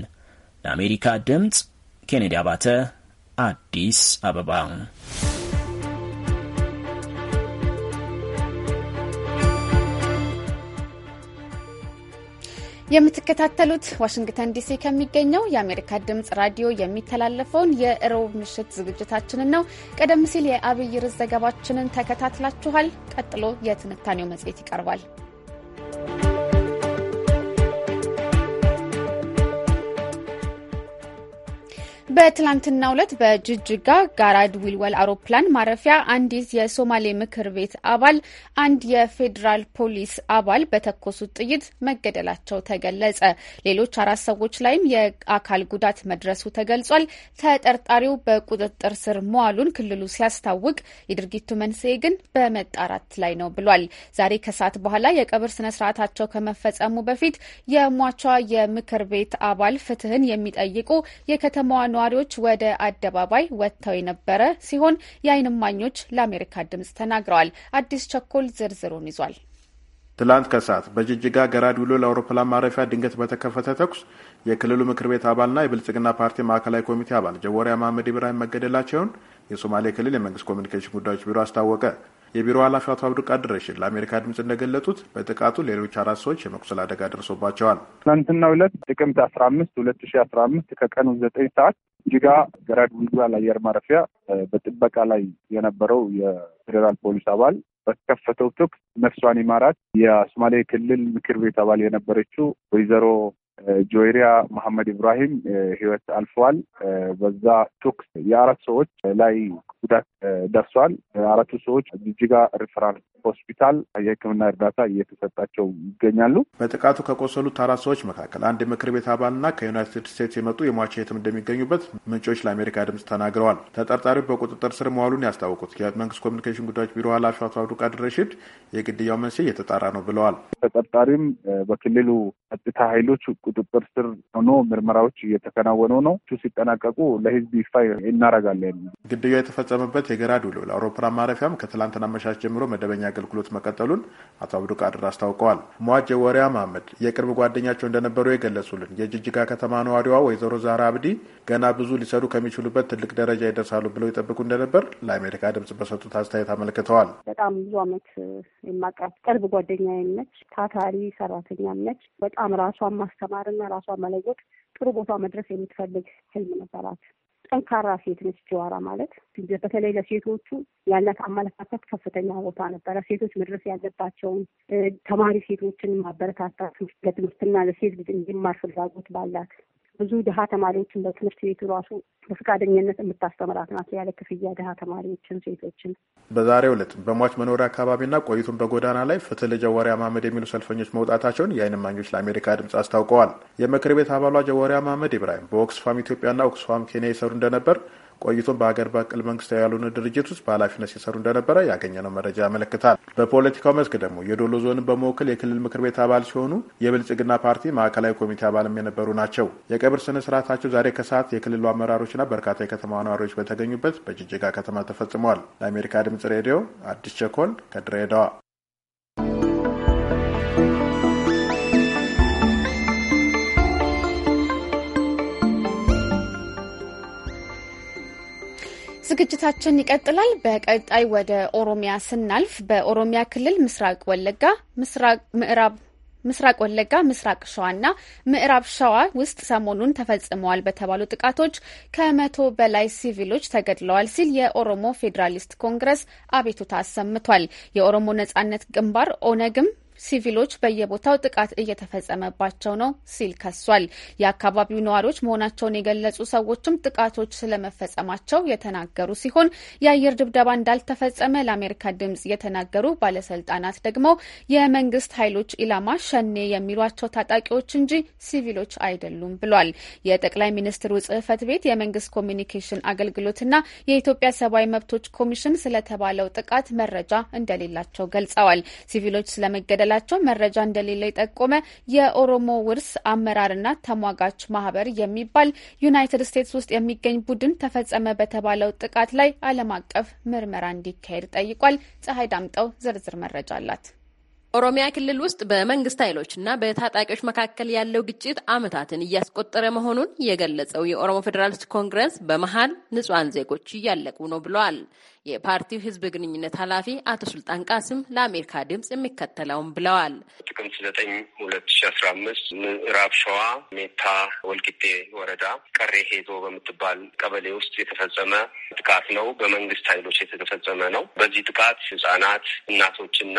ለአሜሪካ ድምፅ ኬኔዲ አባተ አዲስ አበባ የምትከታተሉት ዋሽንግተን ዲሲ ከሚገኘው የአሜሪካ ድምጽ ራዲዮ የሚተላለፈውን የእሮብ ምሽት ዝግጅታችንን ነው። ቀደም ሲል የአብይ ርዕስ ዘገባችንን ተከታትላችኋል። ቀጥሎ የትንታኔው መጽሔት ይቀርባል። በትላንትናው ዕለት በጅጅጋ ጋራድ ዊልወል አውሮፕላን ማረፊያ አንዲት የሶማሌ ምክር ቤት አባል አንድ የፌዴራል ፖሊስ አባል በተኮሱት ጥይት መገደላቸው ተገለጸ። ሌሎች አራት ሰዎች ላይም የአካል ጉዳት መድረሱ ተገልጿል። ተጠርጣሪው በቁጥጥር ስር መዋሉን ክልሉ ሲያስታውቅ የድርጊቱ መንስኤ ግን በመጣራት ላይ ነው ብሏል። ዛሬ ከሰዓት በኋላ የቀብር ስነ ስርዓታቸው ከመፈጸሙ በፊት የሟቿ የምክር ቤት አባል ፍትህን የሚጠይቁ የከተማዋ ነዋሪዎች ወደ አደባባይ ወጥተው የነበረ ሲሆን የዓይን እማኞች ለአሜሪካ ድምጽ ተናግረዋል። አዲስ ቸኮል ዝርዝሩን ይዟል። ትላንት ከሰዓት በጅጅጋ ገራድ ውሎ ለአውሮፕላን ማረፊያ ድንገት በተከፈተ ተኩስ የክልሉ ምክር ቤት አባልና የብልጽግና ፓርቲ ማዕከላዊ ኮሚቴ አባል ጀወሪያ መሀመድ ኢብራሂም መገደላቸውን የሶማሌ ክልል የመንግስት ኮሚኒኬሽን ጉዳዮች ቢሮ አስታወቀ። የቢሮ ኃላፊ አቶ አብዱቃድር ረሽድ ለአሜሪካ ድምፅ እንደገለጡት በጥቃቱ ሌሎች አራት ሰዎች የመቁሰል አደጋ ደርሶባቸዋል። ትናንትና ሁለት ጥቅምት አስራ አምስት ሁለት ሺ አስራ አምስት ከቀኑ ዘጠኝ ሰዓት ጅጋ ገራድ ጉልጉላል አየር ማረፊያ በጥበቃ ላይ የነበረው የፌዴራል ፖሊስ አባል በተከፈተው ተኩስ ነፍሷን ይማራት የሶማሌ ክልል ምክር ቤት አባል የነበረችው ወይዘሮ ጆይሪያ መሐመድ ኢብራሂም ህይወት አልፈዋል። በዛ ተኩስ የአራት ሰዎች ላይ ጉዳት ደርሷል። አራቱ ሰዎች ጅጅጋ ሪፈራል ሆስፒታል የሕክምና እርዳታ እየተሰጣቸው ይገኛሉ። በጥቃቱ ከቆሰሉት አራት ሰዎች መካከል አንድ የምክር ቤት አባልና ከዩናይትድ ስቴትስ የመጡ የሟች የትም እንደሚገኙበት ምንጮች ለአሜሪካ ድምጽ ተናግረዋል። ተጠርጣሪው በቁጥጥር ስር መዋሉን ያስታወቁት የመንግስት ኮሚኒኬሽን ጉዳዮች ቢሮ ኃላፊ አቶ አብዱቃድር ረሺድ የግድያው መንስኤ እየተጣራ ነው ብለዋል። ተጠርጣሪም በክልሉ ጸጥታ ኃይሎች ቁጥጥር ስር ሆኖ ምርመራዎች እየተከናወኑ ነው። ሲጠናቀቁ ለህዝብ ይፋ እናረጋለን። ግድያው የተፈጸመበት የገራድ ውልውል አውሮፕላን ማረፊያም ከትላንትና አመሻሽ ጀምሮ መደበኛ አገልግሎት መቀጠሉን አቶ አብዱ ቃድር አስታውቀዋል። ሟጅ ወሪያ መሀመድ የቅርብ ጓደኛቸው እንደነበሩ የገለጹልን የጅጅጋ ከተማ ነዋሪዋ ወይዘሮ ዛራ አብዲ ገና ብዙ ሊሰሩ ከሚችሉበት ትልቅ ደረጃ ይደርሳሉ ብለው ይጠብቁ እንደነበር ለአሜሪካ ድምጽ በሰጡት አስተያየት አመልክተዋል። በጣም ብዙ አመት የማውቃት ቅርብ ጓደኛ ነች። ታታሪ ሰራተኛም ነች። በጣም ራሷን ማስተማርና ራሷን መለወጥ ጥሩ ቦታ መድረስ የምትፈልግ ህልም ነበራት። ጠንካራ ሴት ነች ጀዋራ ማለት። በተለይ ለሴቶቹ ያላት አመለካከት ከፍተኛ ቦታ ነበረ። ሴቶች መድረስ ያለባቸውን ተማሪ ሴቶችን ማበረታታት ለትምህርትና ለሴት ልጅ እንዲማር ፍላጎት ባላት ብዙ ድሀ ተማሪዎችን በትምህርት ቤቱ ራሱ በፈቃደኝነት የምታስተምራት ናት፣ ያለ ክፍያ ድሀ ተማሪዎችን፣ ሴቶችን። በዛሬው ዕለት በሟች መኖሪያ አካባቢና ቆይቱን በጎዳና ላይ ፍትህ ጀወሪያ ማመድ የሚሉ ሰልፈኞች መውጣታቸውን የአይን እማኞች ለአሜሪካ ድምፅ አስታውቀዋል። የምክር ቤት አባሏ ጀዋሪ ማመድ ኢብራሂም በኦክስፋም ኢትዮጵያና ኦክስፋም ኬንያ ይሰሩ እንደነበር ቆይቶም በሀገር በቀል መንግስታዊ ያልሆነ ድርጅት ውስጥ በኃላፊነት ሲሰሩ እንደነበረ ያገኘነው መረጃ ያመለክታል። በፖለቲካው መስክ ደግሞ የዶሎ ዞንን በመወከል የክልል ምክር ቤት አባል ሲሆኑ የብልጽግና ፓርቲ ማዕከላዊ ኮሚቴ አባልም የነበሩ ናቸው። የቀብር ስነ ስርዓታቸው ዛሬ ከሰዓት የክልሉ አመራሮችና በርካታ የከተማ ነዋሪዎች በተገኙበት በጅጅጋ ከተማ ተፈጽሟል። ለአሜሪካ ድምጽ ሬዲዮ አዲስ ቸኮል ከድሬዳዋ ዝግጅታችን ይቀጥላል። በቀጣይ ወደ ኦሮሚያ ስናልፍ በኦሮሚያ ክልል ምስራቅ ወለጋ፣ ምስራቅ ምዕራብ ምስራቅ ወለጋ፣ ምስራቅ ሸዋና ምዕራብ ሸዋ ውስጥ ሰሞኑን ተፈጽመዋል በተባሉ ጥቃቶች ከመቶ በላይ ሲቪሎች ተገድለዋል ሲል የኦሮሞ ፌዴራሊስት ኮንግረስ አቤቱታ አሰምቷል። የኦሮሞ ነጻነት ግንባር ኦነግም ሲቪሎች በየቦታው ጥቃት እየተፈጸመባቸው ነው ሲል ከሷል። የአካባቢው ነዋሪዎች መሆናቸውን የገለጹ ሰዎችም ጥቃቶች ስለመፈጸማቸው የተናገሩ ሲሆን የአየር ድብደባ እንዳልተፈጸመ ለአሜሪካ ድምጽ የተናገሩ ባለስልጣናት ደግሞ የመንግስት ኃይሎች ኢላማ ሸኔ የሚሏቸው ታጣቂዎች እንጂ ሲቪሎች አይደሉም ብሏል። የጠቅላይ ሚኒስትሩ ጽህፈት ቤት የመንግስት ኮሚኒኬሽን አገልግሎትና የኢትዮጵያ ሰብአዊ መብቶች ኮሚሽን ስለተባለው ጥቃት መረጃ እንደሌላቸው ገልጸዋል። ሲቪሎች ስለመገደላ ያላቸው መረጃ እንደሌለ የጠቆመ የኦሮሞ ውርስ አመራርና ተሟጋች ማህበር የሚባል ዩናይትድ ስቴትስ ውስጥ የሚገኝ ቡድን ተፈጸመ በተባለው ጥቃት ላይ ዓለም አቀፍ ምርመራ እንዲካሄድ ጠይቋል። ፀሐይ ዳምጠው ዝርዝር መረጃ አላት። ኦሮሚያ ክልል ውስጥ በመንግስት ኃይሎች እና በታጣቂዎች መካከል ያለው ግጭት ዓመታትን እያስቆጠረ መሆኑን የገለጸው የኦሮሞ ፌዴራሊስት ኮንግረስ በመሀል ንጹሐን ዜጎች እያለቁ ነው ብለዋል። የፓርቲው ህዝብ ግንኙነት ኃላፊ አቶ ሱልጣን ቃስም ለአሜሪካ ድምፅ የሚከተለውን ብለዋል። ጥቅምት ዘጠኝ ሁለት ሺ አስራ አምስት ምዕራብ ሸዋ ሜታ ወልቂጤ ወረዳ ቀሬ ሄዞ በምትባል ቀበሌ ውስጥ የተፈጸመ ጥቃት ነው። በመንግስት ኃይሎች የተፈጸመ ነው። በዚህ ጥቃት ህጻናት፣ እናቶችና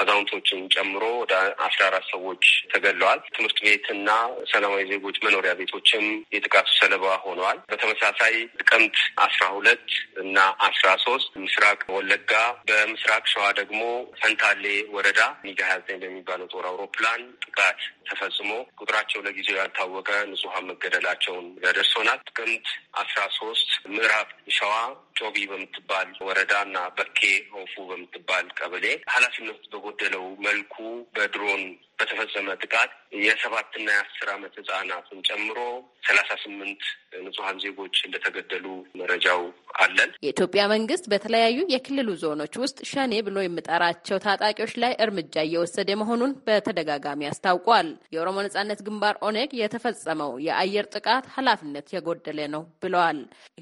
አዛውንቶችን ጨምሮ ወደ አስራ አራት ሰዎች ተገለዋል። ትምህርት ቤትና ሰላማዊ ዜጎች መኖሪያ ቤቶችም የጥቃቱ ሰለባ ሆነዋል። በተመሳሳይ ጥቅምት አስራ ሁለት እና አስራ ሶስት ምስራቅ ወለጋ፣ በምስራቅ ሸዋ ደግሞ ፈንታሌ ወረዳ ሚግ ሀያ ዘጠኝ በሚባለው ጦር አውሮፕላን ጥቃት ተፈጽሞ ቁጥራቸው ለጊዜው ያልታወቀ ንጹሀን መገደላቸውን ያደርሶናል። ጥቅምት አስራ ሶስት ምዕራብ ሸዋ ጮቢ በምትባል ወረዳ እና በኬ ሆፉ በምትባል ቀበሌ ኃላፊነት በጎደለው መልኩ በድሮን በተፈጸመ ጥቃት የሰባትና የአስር ዓመት ህጻናትን ጨምሮ ሰላሳ ስምንት ንጹሀን ዜጎች እንደተገደሉ መረጃው አለን። የኢትዮጵያ መንግስት በተለያዩ የክልሉ ዞኖች ውስጥ ሸኔ ብሎ የሚጠራቸው ታጣቂዎች ላይ እርምጃ እየወሰደ መሆኑን በተደጋጋሚ አስታውቋል። የኦሮሞ ነጻነት ግንባር ኦኔግ የተፈጸመው የአየር ጥቃት ኃላፊነት የጎደለ ነው ብለዋል።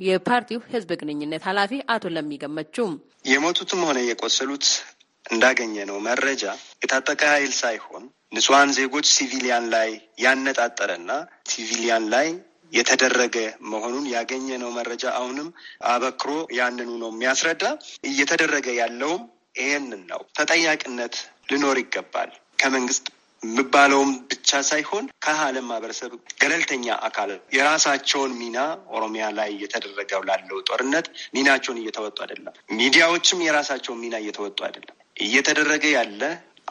የፓርቲው ህዝብ ግንኙነት ኃላፊ አቶ ለሚገመችም የሞቱትም ሆነ የቆሰሉት እንዳገኘ ነው መረጃ የታጠቀ ኃይል ሳይሆን ንጹሐን ዜጎች ሲቪሊያን ላይ ያነጣጠረና ሲቪሊያን ላይ የተደረገ መሆኑን ያገኘ ነው መረጃ አሁንም አበክሮ ያንኑ ነው የሚያስረዳ። እየተደረገ ያለውም ይሄንን ነው። ተጠያቂነት ሊኖር ይገባል ከመንግስት የሚባለውም ብቻ ሳይሆን ከዓለም ማህበረሰብ ገለልተኛ አካል የራሳቸውን ሚና ኦሮሚያ ላይ እየተደረገው ላለው ጦርነት ሚናቸውን እየተወጡ አይደለም። ሚዲያዎችም የራሳቸውን ሚና እየተወጡ አይደለም። እየተደረገ ያለ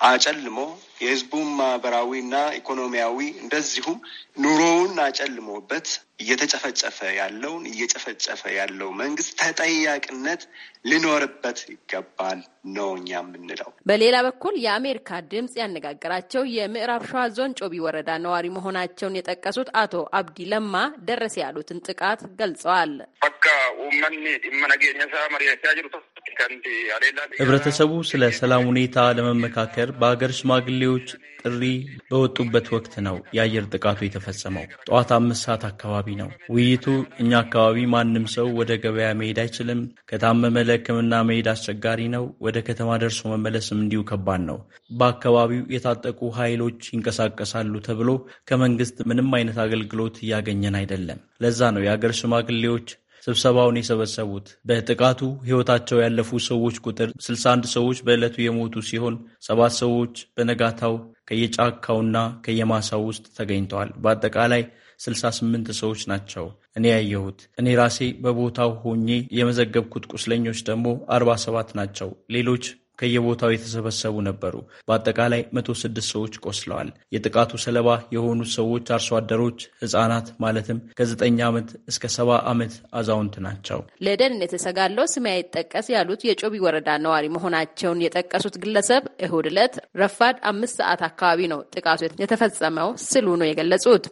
አጨልሞ የህዝቡን ማህበራዊና ኢኮኖሚያዊ እንደዚሁም ኑሮውን አጨልሞበት እየተጨፈጨፈ ያለውን እየጨፈጨፈ ያለው መንግስት ተጠያቂነት ሊኖርበት ይገባል ነው እኛ የምንለው። በሌላ በኩል የአሜሪካ ድምፅ ያነጋገራቸው የምዕራብ ሸዋ ዞን ጮቢ ወረዳ ነዋሪ መሆናቸውን የጠቀሱት አቶ አብዲ ለማ ደረሰ ያሉትን ጥቃት ገልጸዋል። በቃ መኒ መነገኘሳ መሪያቻ ጅሩ ህብረተሰቡ ስለ ሰላም ሁኔታ ለመመካከር በሀገር ሽማግሌዎች ጥሪ በወጡበት ወቅት ነው የአየር ጥቃቱ የተፈጸመው። ጠዋት አምስት ሰዓት አካባቢ ነው ውይይቱ። እኛ አካባቢ ማንም ሰው ወደ ገበያ መሄድ አይችልም። ከታመመ ለሕክምና መሄድ አስቸጋሪ ነው። ወደ ከተማ ደርሶ መመለስም እንዲሁ ከባድ ነው። በአካባቢው የታጠቁ ኃይሎች ይንቀሳቀሳሉ ተብሎ ከመንግስት ምንም አይነት አገልግሎት እያገኘን አይደለም። ለዛ ነው የአገር ሽማግሌዎች ስብሰባውን የሰበሰቡት። በጥቃቱ ሕይወታቸው ያለፉ ሰዎች ቁጥር 61 ሰዎች በዕለቱ የሞቱ ሲሆን ሰባት ሰዎች በነጋታው ከየጫካውና ከየማሳው ውስጥ ተገኝተዋል። በአጠቃላይ 68 ሰዎች ናቸው እኔ ያየሁት። እኔ ራሴ በቦታው ሆኜ የመዘገብኩት ቁስለኞች ደግሞ 47 ናቸው። ሌሎች ከየቦታው የተሰበሰቡ ነበሩ። በአጠቃላይ መቶ ስድስት ሰዎች ቆስለዋል። የጥቃቱ ሰለባ የሆኑት ሰዎች አርሶ አደሮች፣ ህጻናት ማለትም ከዘጠኝ ዓመት እስከ ሰባ ዓመት አዛውንት ናቸው። ለደህንነት የተሰጋለው ስሜ አይጠቀስ ያሉት የጮቢ ወረዳ ነዋሪ መሆናቸውን የጠቀሱት ግለሰብ እሁድ ዕለት ረፋድ አምስት ሰዓት አካባቢ ነው ጥቃቱ የተፈጸመው ስሉ ነው የገለጹት።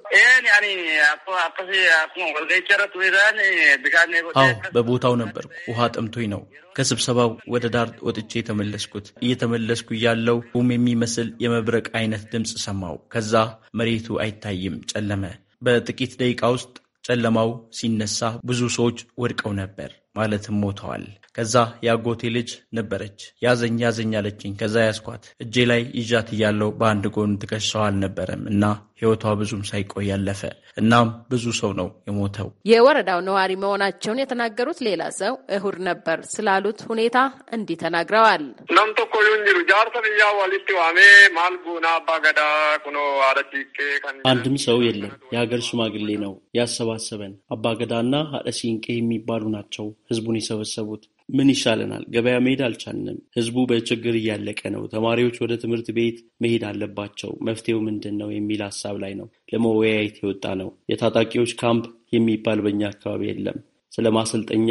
አዎ በቦታው ነበር። ውሃ ጠምቶኝ ነው ከስብሰባው ወደ ዳር ወጥቼ የተመለስኩት። እየተመለስኩ እያለው ጉም የሚመስል የመብረቅ አይነት ድምፅ ሰማው። ከዛ መሬቱ አይታይም፣ ጨለመ። በጥቂት ደቂቃ ውስጥ ጨለማው ሲነሳ ብዙ ሰዎች ወድቀው ነበር፣ ማለትም ሞተዋል። ከዛ የአጎቴ ልጅ ነበረች። ያዘኝ ያዘኝ አለችኝ። ከዛ ያስኳት እጄ ላይ ይዣት እያለው በአንድ ጎን ትከሻዋ አልነበረም እና ህይወቷ ብዙም ሳይቆይ ያለፈ። እናም ብዙ ሰው ነው የሞተው። የወረዳው ነዋሪ መሆናቸውን የተናገሩት ሌላ ሰው እሁድ ነበር ስላሉት ሁኔታ እንዲህ ተናግረዋል። አንድም ሰው የለም። የሀገር ሽማግሌ ነው ያሰባሰበን። አባገዳና ሀደሲንቄ የሚባሉ ናቸው ህዝቡን የሰበሰቡት ምን ይሻለናል? ገበያ መሄድ አልቻልንም። ህዝቡ በችግር እያለቀ ነው። ተማሪዎች ወደ ትምህርት ቤት መሄድ አለባቸው። መፍትሄው ምንድን ነው የሚል ሀሳብ ላይ ነው ለመወያየት የወጣ ነው። የታጣቂዎች ካምፕ የሚባል በኛ አካባቢ የለም። ስለ ማሰልጠኛ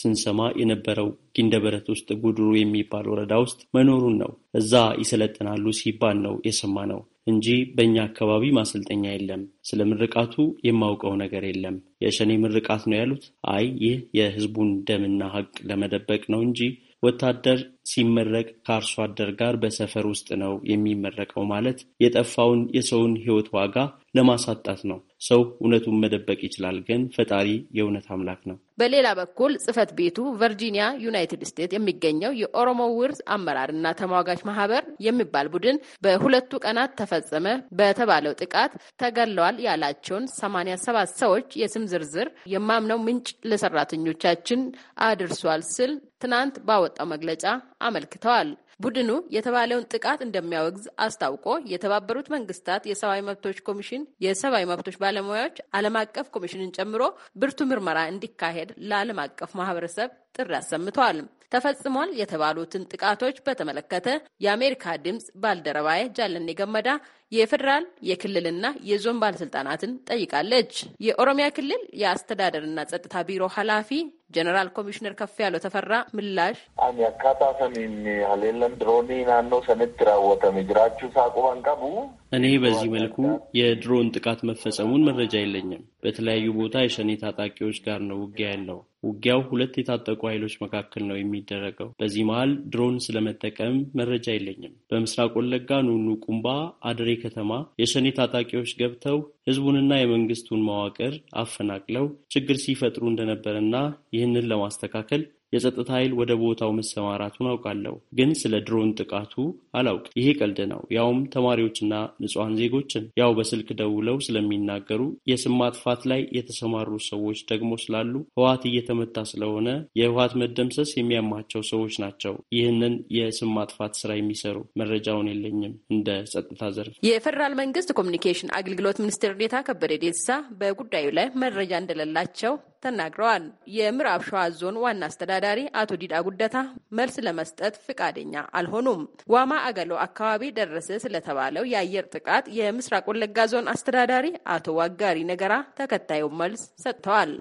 ስንሰማ የነበረው ጊንደበረት ውስጥ ጉድሩ የሚባል ወረዳ ውስጥ መኖሩን ነው። እዛ ይሰለጥናሉ ሲባል ነው የሰማ ነው። እንጂ በእኛ አካባቢ ማሰልጠኛ የለም። ስለ ምርቃቱ የማውቀው ነገር የለም። የሸኔ ምርቃት ነው ያሉት። አይ ይህ የህዝቡን ደምና ሀቅ ለመደበቅ ነው እንጂ ወታደር ሲመረቅ ከአርሶ አደር ጋር በሰፈር ውስጥ ነው የሚመረቀው ማለት የጠፋውን የሰውን ሕይወት ዋጋ ለማሳጣት ነው። ሰው እውነቱን መደበቅ ይችላል፣ ግን ፈጣሪ የእውነት አምላክ ነው። በሌላ በኩል ጽህፈት ቤቱ ቨርጂኒያ ዩናይትድ ስቴትስ የሚገኘው የኦሮሞ ውርዝ አመራርና ተሟጋች ማህበር የሚባል ቡድን በሁለቱ ቀናት ተፈጸመ በተባለው ጥቃት ተገለዋል ያላቸውን ሰማንያ ሰባት ሰዎች የስም ዝርዝር የማምነው ምንጭ ለሰራተኞቻችን አድርሷል ስል ትናንት ባወጣው መግለጫ አመልክተዋል። ቡድኑ የተባለውን ጥቃት እንደሚያወግዝ አስታውቆ የተባበሩት መንግስታት የሰብአዊ መብቶች ኮሚሽን የሰብአዊ መብቶች ባለሙያዎች ዓለም አቀፍ ኮሚሽንን ጨምሮ ብርቱ ምርመራ እንዲካሄድ ለዓለም አቀፍ ማህበረሰብ ጥሪ አሰምተዋል። ተፈጽሟል የተባሉትን ጥቃቶች በተመለከተ የአሜሪካ ድምፅ ባልደረባዬ ጃለኔ ገመዳ የፌዴራል የክልልና የዞን ባለስልጣናትን ጠይቃለች። የኦሮሚያ ክልል የአስተዳደርና ጸጥታ ቢሮ ኃላፊ ጀነራል ኮሚሽነር ከፍ ያለው ተፈራ ምላሽ አን አካታሰሚን ሌለም ድሮኒ ናኖ ሰነት ራወተም ጅራችሁ ሳቁ አንቀቡ እኔ በዚህ መልኩ የድሮን ጥቃት መፈጸሙን መረጃ የለኝም። በተለያዩ ቦታ የሸኔ ታጣቂዎች ጋር ነው ውጊያ ያለው። ውጊያው ሁለት የታጠቁ ኃይሎች መካከል ነው የሚደረገው። በዚህ መሀል ድሮን ስለመጠቀም መረጃ የለኝም። በምስራቅ ወለጋ ኑኑ ቁምባ አድሬ ከተማ የሸኔ ታጣቂዎች ገብተው ህዝቡንና የመንግስቱን መዋቅር አፈናቅለው ችግር ሲፈጥሩ እንደነበረና ይህንን ለማስተካከል የጸጥታ ኃይል ወደ ቦታው መሰማራቱን አውቃለሁ። ግን ስለ ድሮን ጥቃቱ አላውቅ። ይሄ ቀልድ ነው፣ ያውም ተማሪዎችና ንጹሐን ዜጎችን። ያው በስልክ ደውለው ስለሚናገሩ የስም ማጥፋት ላይ የተሰማሩ ሰዎች ደግሞ ስላሉ ህወሓት እየተመታ ስለሆነ የህወሓት መደምሰስ የሚያማቸው ሰዎች ናቸው ይህንን የስም ማጥፋት ስራ የሚሰሩ። መረጃውን የለኝም እንደ ጸጥታ ዘርፍ የፌዴራል መንግስት ኮሚኒኬሽን አገልግሎት ሚኒስትር ዴታ ከበደ ዴሳ በጉዳዩ ላይ መረጃ እንደሌላቸው ተናግረዋል። የምዕራብ ሸዋ ዞን ዋና አስተዳዳሪ አቶ ዲዳ ጉደታ መልስ ለመስጠት ፍቃደኛ አልሆኑም። ዋማ አገሎ አካባቢ ደረሰ ስለተባለው የአየር ጥቃት የምስራቅ ወለጋ ዞን አስተዳዳሪ አቶ ዋጋሪ ነገራ ተከታዩን መልስ ሰጥተዋል።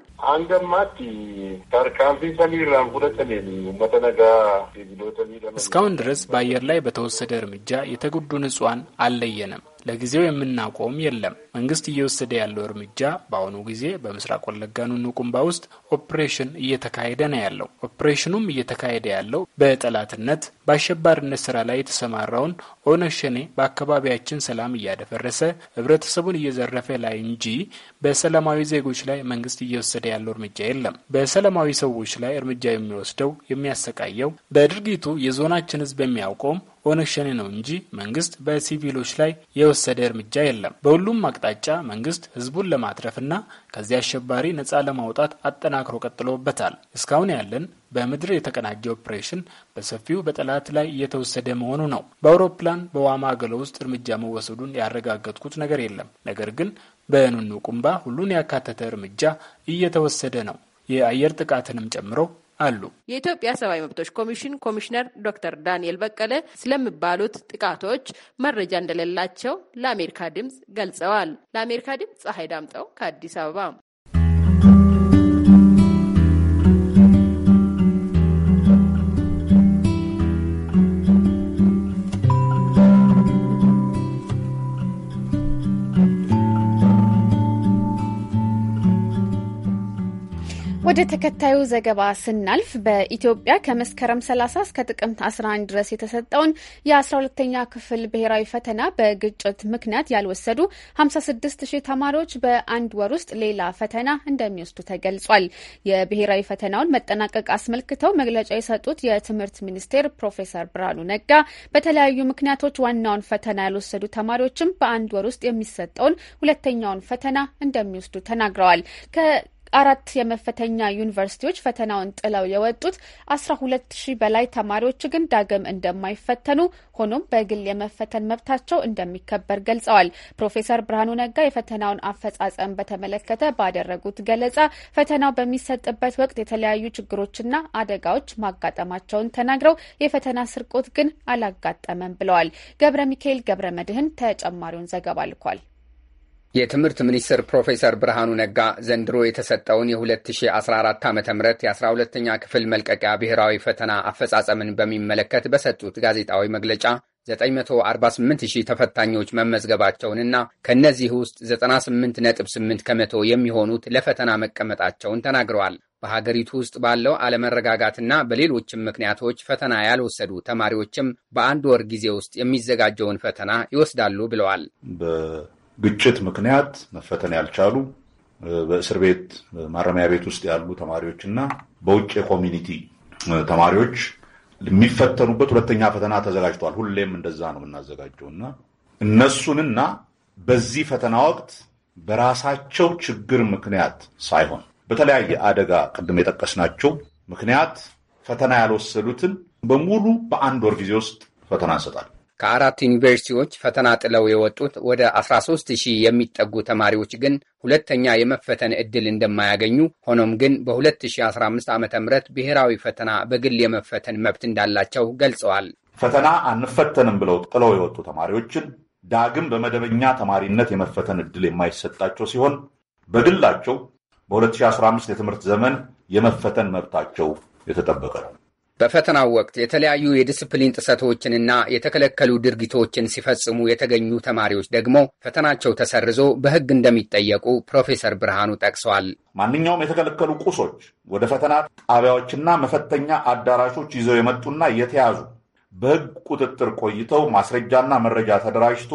እስካሁን ድረስ በአየር ላይ በተወሰደ እርምጃ የተጎዱ ንጹሐን አልለየንም። ለጊዜው የምናቆም የለም። መንግስት እየወሰደ ያለው እርምጃ በአሁኑ ጊዜ በምስራቅ ወለጋ ኑኑ ቁምባ ውስጥ ኦፕሬሽን እየተካሄደ ነው ያለው። ኦፕሬሽኑም እየተካሄደ ያለው በጠላትነት በአሸባሪነት ስራ ላይ የተሰማራውን ኦነግ ሸኔ በአካባቢያችን ሰላም እያደፈረሰ ህብረተሰቡን እየዘረፈ ላይ እንጂ በሰላማዊ ዜጎች ላይ መንግስት እየወሰደ ያለው እርምጃ የለም። በሰላማዊ ሰዎች ላይ እርምጃ የሚወስደው የሚያሰቃየው በድርጊቱ የዞናችን ህዝብ የሚያውቀውም ኦነግ ሸኔ ነው እንጂ መንግስት በሲቪሎች ላይ የወሰደ እርምጃ የለም። በሁሉም አቅጣጫ መንግስት ህዝቡን ለማትረፍና ከዚህ አሸባሪ ነፃ ለማውጣት አጠናክሮ ቀጥሎበታል። እስካሁን ያለን በምድር የተቀናጀ ኦፕሬሽን በሰፊው በጠላት ላይ እየተወሰደ መሆኑ ነው። በአውሮፕላን በዋማገሎ ውስጥ እርምጃ መወሰዱን ያረጋገጥኩት ነገር የለም። ነገር ግን በኑኑ ቁምባ ሁሉን ያካተተ እርምጃ እየተወሰደ ነው የአየር ጥቃትንም ጨምሮ አሉ። የኢትዮጵያ ሰብአዊ መብቶች ኮሚሽን ኮሚሽነር ዶክተር ዳንኤል በቀለ ስለሚባሉት ጥቃቶች መረጃ እንደሌላቸው ለአሜሪካ ድምፅ ገልጸዋል። ለአሜሪካ ድምፅ ፀሐይ ዳምጠው ከአዲስ አበባ ወደ ተከታዩ ዘገባ ስናልፍ በኢትዮጵያ ከመስከረም 30 እስከ ጥቅምት 11 ድረስ የተሰጠውን የ12ተኛ ክፍል ብሔራዊ ፈተና በግጭት ምክንያት ያልወሰዱ 56000 ሺህ ተማሪዎች በአንድ ወር ውስጥ ሌላ ፈተና እንደሚወስዱ ተገልጿል። የብሔራዊ ፈተናውን መጠናቀቅ አስመልክተው መግለጫ የሰጡት የትምህርት ሚኒስቴር ፕሮፌሰር ብርሃኑ ነጋ በተለያዩ ምክንያቶች ዋናውን ፈተና ያልወሰዱ ተማሪዎችም በአንድ ወር ውስጥ የሚሰጠውን ሁለተኛውን ፈተና እንደሚወስዱ ተናግረዋል። አራት የመፈተኛ ዩኒቨርሲቲዎች ፈተናውን ጥለው የወጡት አስራ ሁለት ሺህ በላይ ተማሪዎች ግን ዳግም እንደማይፈተኑ ሆኖም በግል የመፈተን መብታቸው እንደሚከበር ገልጸዋል። ፕሮፌሰር ብርሃኑ ነጋ የፈተናውን አፈጻጸም በተመለከተ ባደረጉት ገለጻ ፈተናው በሚሰጥበት ወቅት የተለያዩ ችግሮችና አደጋዎች ማጋጠማቸውን ተናግረው የፈተና ስርቆት ግን አላጋጠመም ብለዋል። ገብረ ሚካኤል ገብረ መድህን ተጨማሪውን ዘገባ ልኳል። የትምህርት ሚኒስትር ፕሮፌሰር ብርሃኑ ነጋ ዘንድሮ የተሰጠውን የ2014 ዓ ም የ12ኛ ክፍል መልቀቂያ ብሔራዊ ፈተና አፈጻጸምን በሚመለከት በሰጡት ጋዜጣዊ መግለጫ 948000 ተፈታኞች መመዝገባቸውንና ከእነዚህ ውስጥ 98.8 ከመቶ የሚሆኑት ለፈተና መቀመጣቸውን ተናግረዋል። በሀገሪቱ ውስጥ ባለው አለመረጋጋትና በሌሎችም ምክንያቶች ፈተና ያልወሰዱ ተማሪዎችም በአንድ ወር ጊዜ ውስጥ የሚዘጋጀውን ፈተና ይወስዳሉ ብለዋል። ግጭት ምክንያት መፈተን ያልቻሉ በእስር ቤት ማረሚያ ቤት ውስጥ ያሉ ተማሪዎች እና በውጭ የኮሚኒቲ ተማሪዎች የሚፈተኑበት ሁለተኛ ፈተና ተዘጋጅቷል። ሁሌም እንደዛ ነው የምናዘጋጀው እና እነሱንና በዚህ ፈተና ወቅት በራሳቸው ችግር ምክንያት ሳይሆን በተለያየ አደጋ ቅድም የጠቀስናቸው ምክንያት ፈተና ያልወሰዱትን በሙሉ በአንድ ወር ጊዜ ውስጥ ፈተና እንሰጣል። ከአራት ዩኒቨርሲቲዎች ፈተና ጥለው የወጡት ወደ 13,000 የሚጠጉ ተማሪዎች ግን ሁለተኛ የመፈተን ዕድል እንደማያገኙ፣ ሆኖም ግን በ2015 ዓ ም ብሔራዊ ፈተና በግል የመፈተን መብት እንዳላቸው ገልጸዋል። ፈተና አንፈተንም ብለው ጥለው የወጡ ተማሪዎችን ዳግም በመደበኛ ተማሪነት የመፈተን ዕድል የማይሰጣቸው ሲሆን በግላቸው በ2015 የትምህርት ዘመን የመፈተን መብታቸው የተጠበቀ ነው። በፈተናው ወቅት የተለያዩ የዲስፕሊን ጥሰቶችንና የተከለከሉ ድርጊቶችን ሲፈጽሙ የተገኙ ተማሪዎች ደግሞ ፈተናቸው ተሰርዞ በሕግ እንደሚጠየቁ ፕሮፌሰር ብርሃኑ ጠቅሰዋል። ማንኛውም የተከለከሉ ቁሶች ወደ ፈተና ጣቢያዎችና መፈተኛ አዳራሾች ይዘው የመጡና የተያዙ በሕግ ቁጥጥር ቆይተው ማስረጃና መረጃ ተደራጅቶ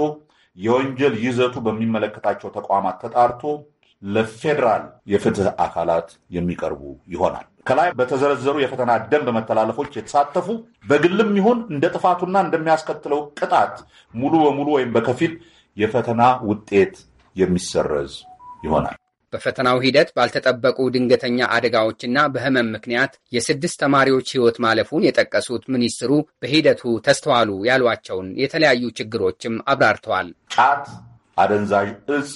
የወንጀል ይዘቱ በሚመለከታቸው ተቋማት ተጣርቶ ለፌዴራል የፍትህ አካላት የሚቀርቡ ይሆናል። ከላይ በተዘረዘሩ የፈተና ደንብ መተላለፎች የተሳተፉ በግልም ይሁን እንደ ጥፋቱና እንደሚያስከትለው ቅጣት ሙሉ በሙሉ ወይም በከፊል የፈተና ውጤት የሚሰረዝ ይሆናል። በፈተናው ሂደት ባልተጠበቁ ድንገተኛ አደጋዎችና በሕመም ምክንያት የስድስት ተማሪዎች ሕይወት ማለፉን የጠቀሱት ሚኒስትሩ በሂደቱ ተስተዋሉ ያሏቸውን የተለያዩ ችግሮችም አብራርተዋል። ጫት፣ አደንዛዥ እጽ፣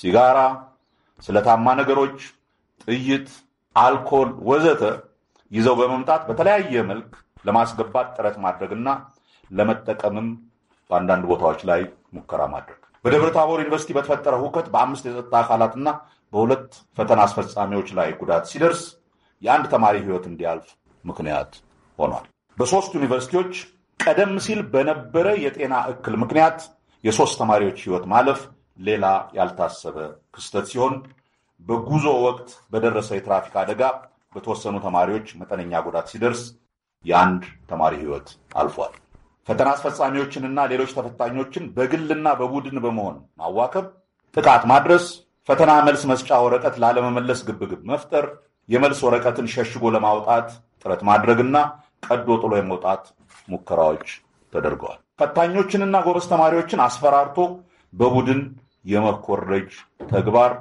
ሲጋራ፣ ስለታማ ነገሮች፣ ጥይት አልኮል ወዘተ ይዘው በመምጣት በተለያየ መልክ ለማስገባት ጥረት ማድረግና ለመጠቀምም በአንዳንድ ቦታዎች ላይ ሙከራ ማድረግ በደብረ ታቦር ዩኒቨርሲቲ በተፈጠረ ሁከት በአምስት የጸጥታ አካላትና በሁለት ፈተና አስፈጻሚዎች ላይ ጉዳት ሲደርስ የአንድ ተማሪ ሕይወት እንዲያልፍ ምክንያት ሆኗል። በሶስት ዩኒቨርሲቲዎች ቀደም ሲል በነበረ የጤና እክል ምክንያት የሶስት ተማሪዎች ሕይወት ማለፍ ሌላ ያልታሰበ ክስተት ሲሆን በጉዞ ወቅት በደረሰው የትራፊክ አደጋ በተወሰኑ ተማሪዎች መጠነኛ ጉዳት ሲደርስ የአንድ ተማሪ ሕይወት አልፏል። ፈተና አስፈጻሚዎችንና ሌሎች ተፈታኞችን በግልና በቡድን በመሆን ማዋከብ፣ ጥቃት ማድረስ፣ ፈተና መልስ መስጫ ወረቀት ላለመመለስ ግብግብ መፍጠር፣ የመልስ ወረቀትን ሸሽጎ ለማውጣት ጥረት ማድረግና ቀዶ ጥሎ የመውጣት ሙከራዎች ተደርገዋል። ፈታኞችንና ጎበዝ ተማሪዎችን አስፈራርቶ በቡድን የመኮረጅ ተግባር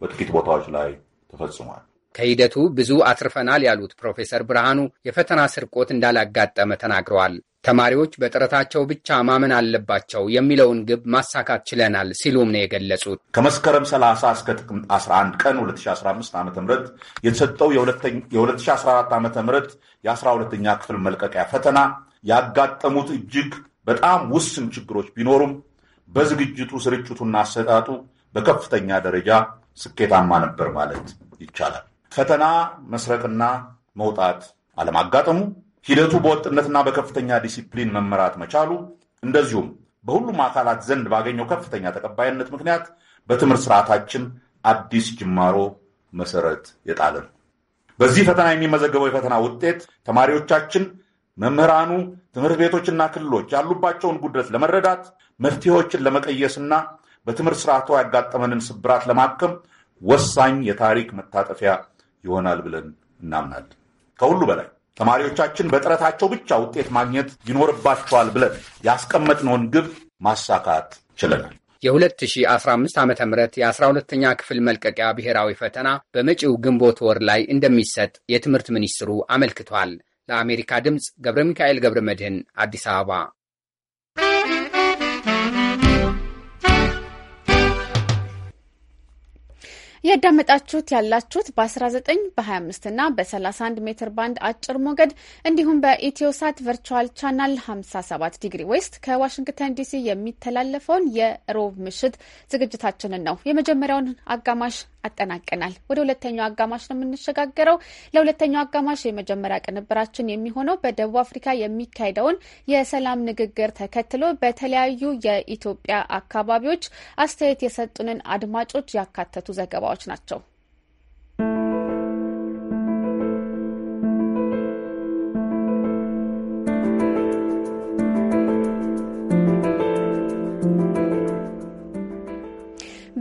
በጥቂት ቦታዎች ላይ ተፈጽሟል። ከሂደቱ ብዙ አትርፈናል ያሉት ፕሮፌሰር ብርሃኑ የፈተና ስርቆት እንዳላጋጠመ ተናግረዋል። ተማሪዎች በጥረታቸው ብቻ ማመን አለባቸው የሚለውን ግብ ማሳካት ችለናል ሲሉም ነው የገለጹት። ከመስከረም 30 እስከ ጥቅምት 11 ቀን 2015 ዓ ም የተሰጠው የ2014 ዓ ም የ12ኛ ክፍል መልቀቂያ ፈተና ያጋጠሙት እጅግ በጣም ውስን ችግሮች ቢኖሩም በዝግጅቱ ስርጭቱና አሰጣጡ በከፍተኛ ደረጃ ስኬታማ ነበር ማለት ይቻላል። ፈተና መስረቅና መውጣት አለማጋጠሙ፣ ሂደቱ በወጥነትና በከፍተኛ ዲሲፕሊን መመራት መቻሉ፣ እንደዚሁም በሁሉም አካላት ዘንድ ባገኘው ከፍተኛ ተቀባይነት ምክንያት በትምህርት ስርዓታችን አዲስ ጅማሮ መሰረት የጣለ ነው። በዚህ ፈተና የሚመዘገበው የፈተና ውጤት ተማሪዎቻችን፣ መምህራኑ፣ ትምህርት ቤቶችና ክልሎች ያሉባቸውን ጉድለት ለመረዳት መፍትሄዎችን ለመቀየስና በትምህርት ስርዓቱ ያጋጠመንን ስብራት ለማከም ወሳኝ የታሪክ መታጠፊያ ይሆናል ብለን እናምናለን። ከሁሉ በላይ ተማሪዎቻችን በጥረታቸው ብቻ ውጤት ማግኘት ይኖርባቸዋል ብለን ያስቀመጥነውን ግብ ማሳካት ችለናል። የ2015 ዓ ም የ 12 ኛ ክፍል መልቀቂያ ብሔራዊ ፈተና በመጪው ግንቦት ወር ላይ እንደሚሰጥ የትምህርት ሚኒስትሩ አመልክቷል። ለአሜሪካ ድምፅ ገብረ ሚካኤል ገብረ መድህን አዲስ አበባ እያዳመጣችሁት ያላችሁት በ19 በ25 እና በ31 ሜትር ባንድ አጭር ሞገድ እንዲሁም በኢትዮሳት ቨርቹዋል ቻናል 57 ዲግሪ ዌስት ከዋሽንግተን ዲሲ የሚተላለፈውን የሮብ ምሽት ዝግጅታችንን ነው። የመጀመሪያውን አጋማሽ አጠናቀናል። ወደ ሁለተኛው አጋማሽ ነው የምንሸጋገረው። ለሁለተኛው አጋማሽ የመጀመሪያ ቅንብራችን የሚሆነው በደቡብ አፍሪካ የሚካሄደውን የሰላም ንግግር ተከትሎ በተለያዩ የኢትዮጵያ አካባቢዎች አስተያየት የሰጡንን አድማጮች ያካተቱ ዘገባዎች ናቸው።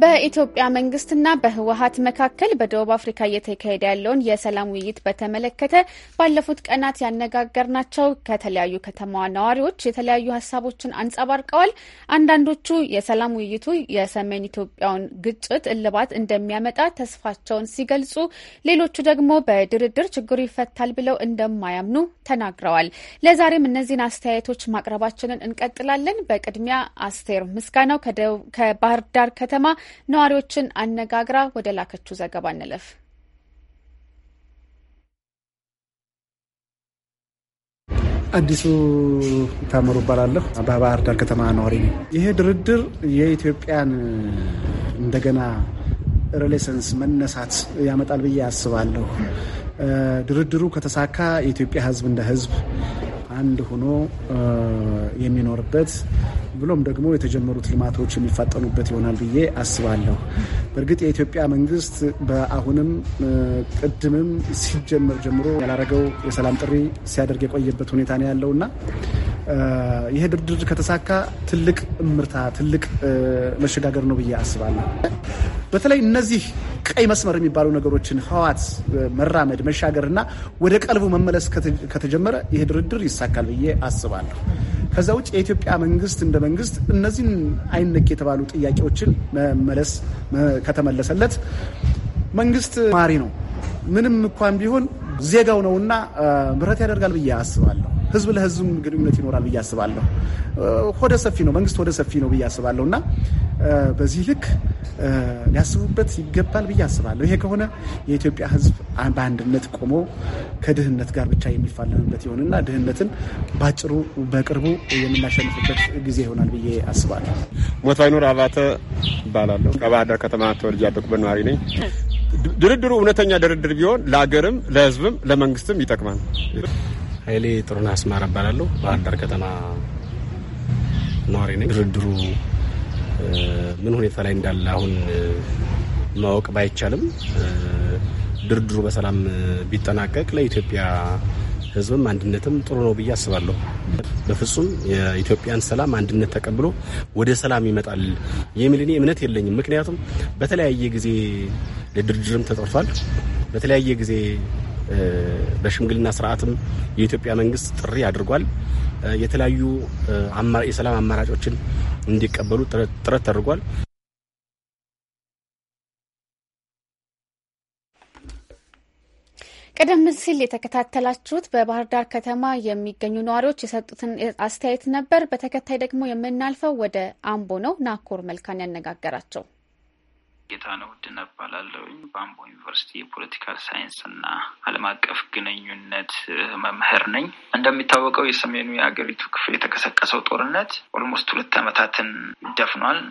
በኢትዮጵያ መንግስትና በህወሀት መካከል በደቡብ አፍሪካ እየተካሄደ ያለውን የሰላም ውይይት በተመለከተ ባለፉት ቀናት ያነጋገርናቸው ከተለያዩ ከተማዋ ነዋሪዎች የተለያዩ ሀሳቦችን አንጸባርቀዋል። አንዳንዶቹ የሰላም ውይይቱ የሰሜን ኢትዮጵያውን ግጭት እልባት እንደሚያመጣ ተስፋቸውን ሲገልጹ፣ ሌሎቹ ደግሞ በድርድር ችግሩ ይፈታል ብለው እንደማያምኑ ተናግረዋል። ለዛሬም እነዚህን አስተያየቶች ማቅረባችንን እንቀጥላለን። በቅድሚያ አስቴር ምስጋናው ከባህር ዳር ከተማ ነዋሪዎችን አነጋግራ ወደ ላከችው ዘገባ እንለፍ። አዲሱ ታምሩ እባላለሁ። በባህር ዳር ከተማ ነዋሪ ነው። ይሄ ድርድር የኢትዮጵያን እንደገና ሬሌሰንስ መነሳት ያመጣል ብዬ አስባለሁ። ድርድሩ ከተሳካ የኢትዮጵያ ሕዝብ እንደ ሕዝብ አንድ ሆኖ የሚኖርበት ብሎም ደግሞ የተጀመሩት ልማቶች የሚፋጠኑበት ይሆናል ብዬ አስባለሁ። በእርግጥ የኢትዮጵያ መንግስት በአሁንም ቅድምም ሲጀመር ጀምሮ ያላረገው የሰላም ጥሪ ሲያደርግ የቆየበት ሁኔታ ነው ያለው እና ይሄ ድርድር ከተሳካ ትልቅ እምርታ፣ ትልቅ መሸጋገር ነው ብዬ አስባለሁ። በተለይ እነዚህ ቀይ መስመር የሚባሉ ነገሮችን ህዋት መራመድ እና ወደ ቀልቡ መመለስ ከተጀመረ ይህ ድርድር ይሳ ይሳካል ብዬ አስባለሁ። ከዛ ውጭ የኢትዮጵያ መንግስት እንደ መንግስት እነዚህን አይነክ የተባሉ ጥያቄዎችን መመለስ ከተመለሰለት መንግስት ማሪ ነው ምንም እንኳን ቢሆን ዜጋው ነውና ምህረት ያደርጋል ብዬ አስባለሁ። ህዝብ ለህዝብ ግንኙነት ይኖራል ብዬ አስባለሁ። ሆደ ሰፊ ነው መንግስት፣ ሆደ ሰፊ ነው ብዬ አስባለሁ እና በዚህ ልክ ሊያስቡበት ይገባል ብዬ አስባለሁ። ይሄ ከሆነ የኢትዮጵያ ህዝብ በአንድነት ቆሞ ከድህነት ጋር ብቻ የሚፋለምበት ይሆንና ድህነትን በአጭሩ በቅርቡ የምናሸንፍበት ጊዜ ይሆናል ብዬ አስባለሁ። ሞት ባይኖር አባተ እባላለሁ። ከባህር ዳር ከተማ ተወልጄ ያደኩበት ነዋሪ ነኝ። ድርድሩ እውነተኛ ድርድር ቢሆን ለሀገርም ለህዝብም ለመንግስትም ይጠቅማል። ኃይሌ ጥሩና አስማራ እባላለሁ። ባህር ዳር ከተማ ነዋሪ ነኝ። ድርድሩ ምን ሁኔታ ላይ እንዳለ አሁን ማወቅ ባይቻልም ድርድሩ በሰላም ቢጠናቀቅ ለኢትዮጵያ ህዝብም አንድነትም ጥሩ ነው ብዬ አስባለሁ። በፍጹም የኢትዮጵያን ሰላም አንድነት ተቀብሎ ወደ ሰላም ይመጣል የሚል እኔ እምነት የለኝም። ምክንያቱም በተለያየ ጊዜ ለድርድርም ተጠርቷል። በተለያየ ጊዜ በሽምግልና ስርዓትም የኢትዮጵያ መንግስት ጥሪ አድርጓል። የተለያዩ የሰላም አማራጮችን እንዲቀበሉ ጥረት ተደርጓል። ቀደም ሲል የተከታተላችሁት በባህር ዳር ከተማ የሚገኙ ነዋሪዎች የሰጡትን አስተያየት ነበር። በተከታይ ደግሞ የምናልፈው ወደ አምቦ ነው። ናኮር መልካን ያነጋገራቸው። ነው ውድነህ እባላለሁ። በአምቦ ዩኒቨርሲቲ የፖለቲካል ሳይንስ እና ዓለም አቀፍ ግንኙነት መምህር ነኝ። እንደሚታወቀው የሰሜኑ የሀገሪቱ ክፍል የተቀሰቀሰው ጦርነት ኦልሞስት ሁለት ዓመታትን ደፍኗል።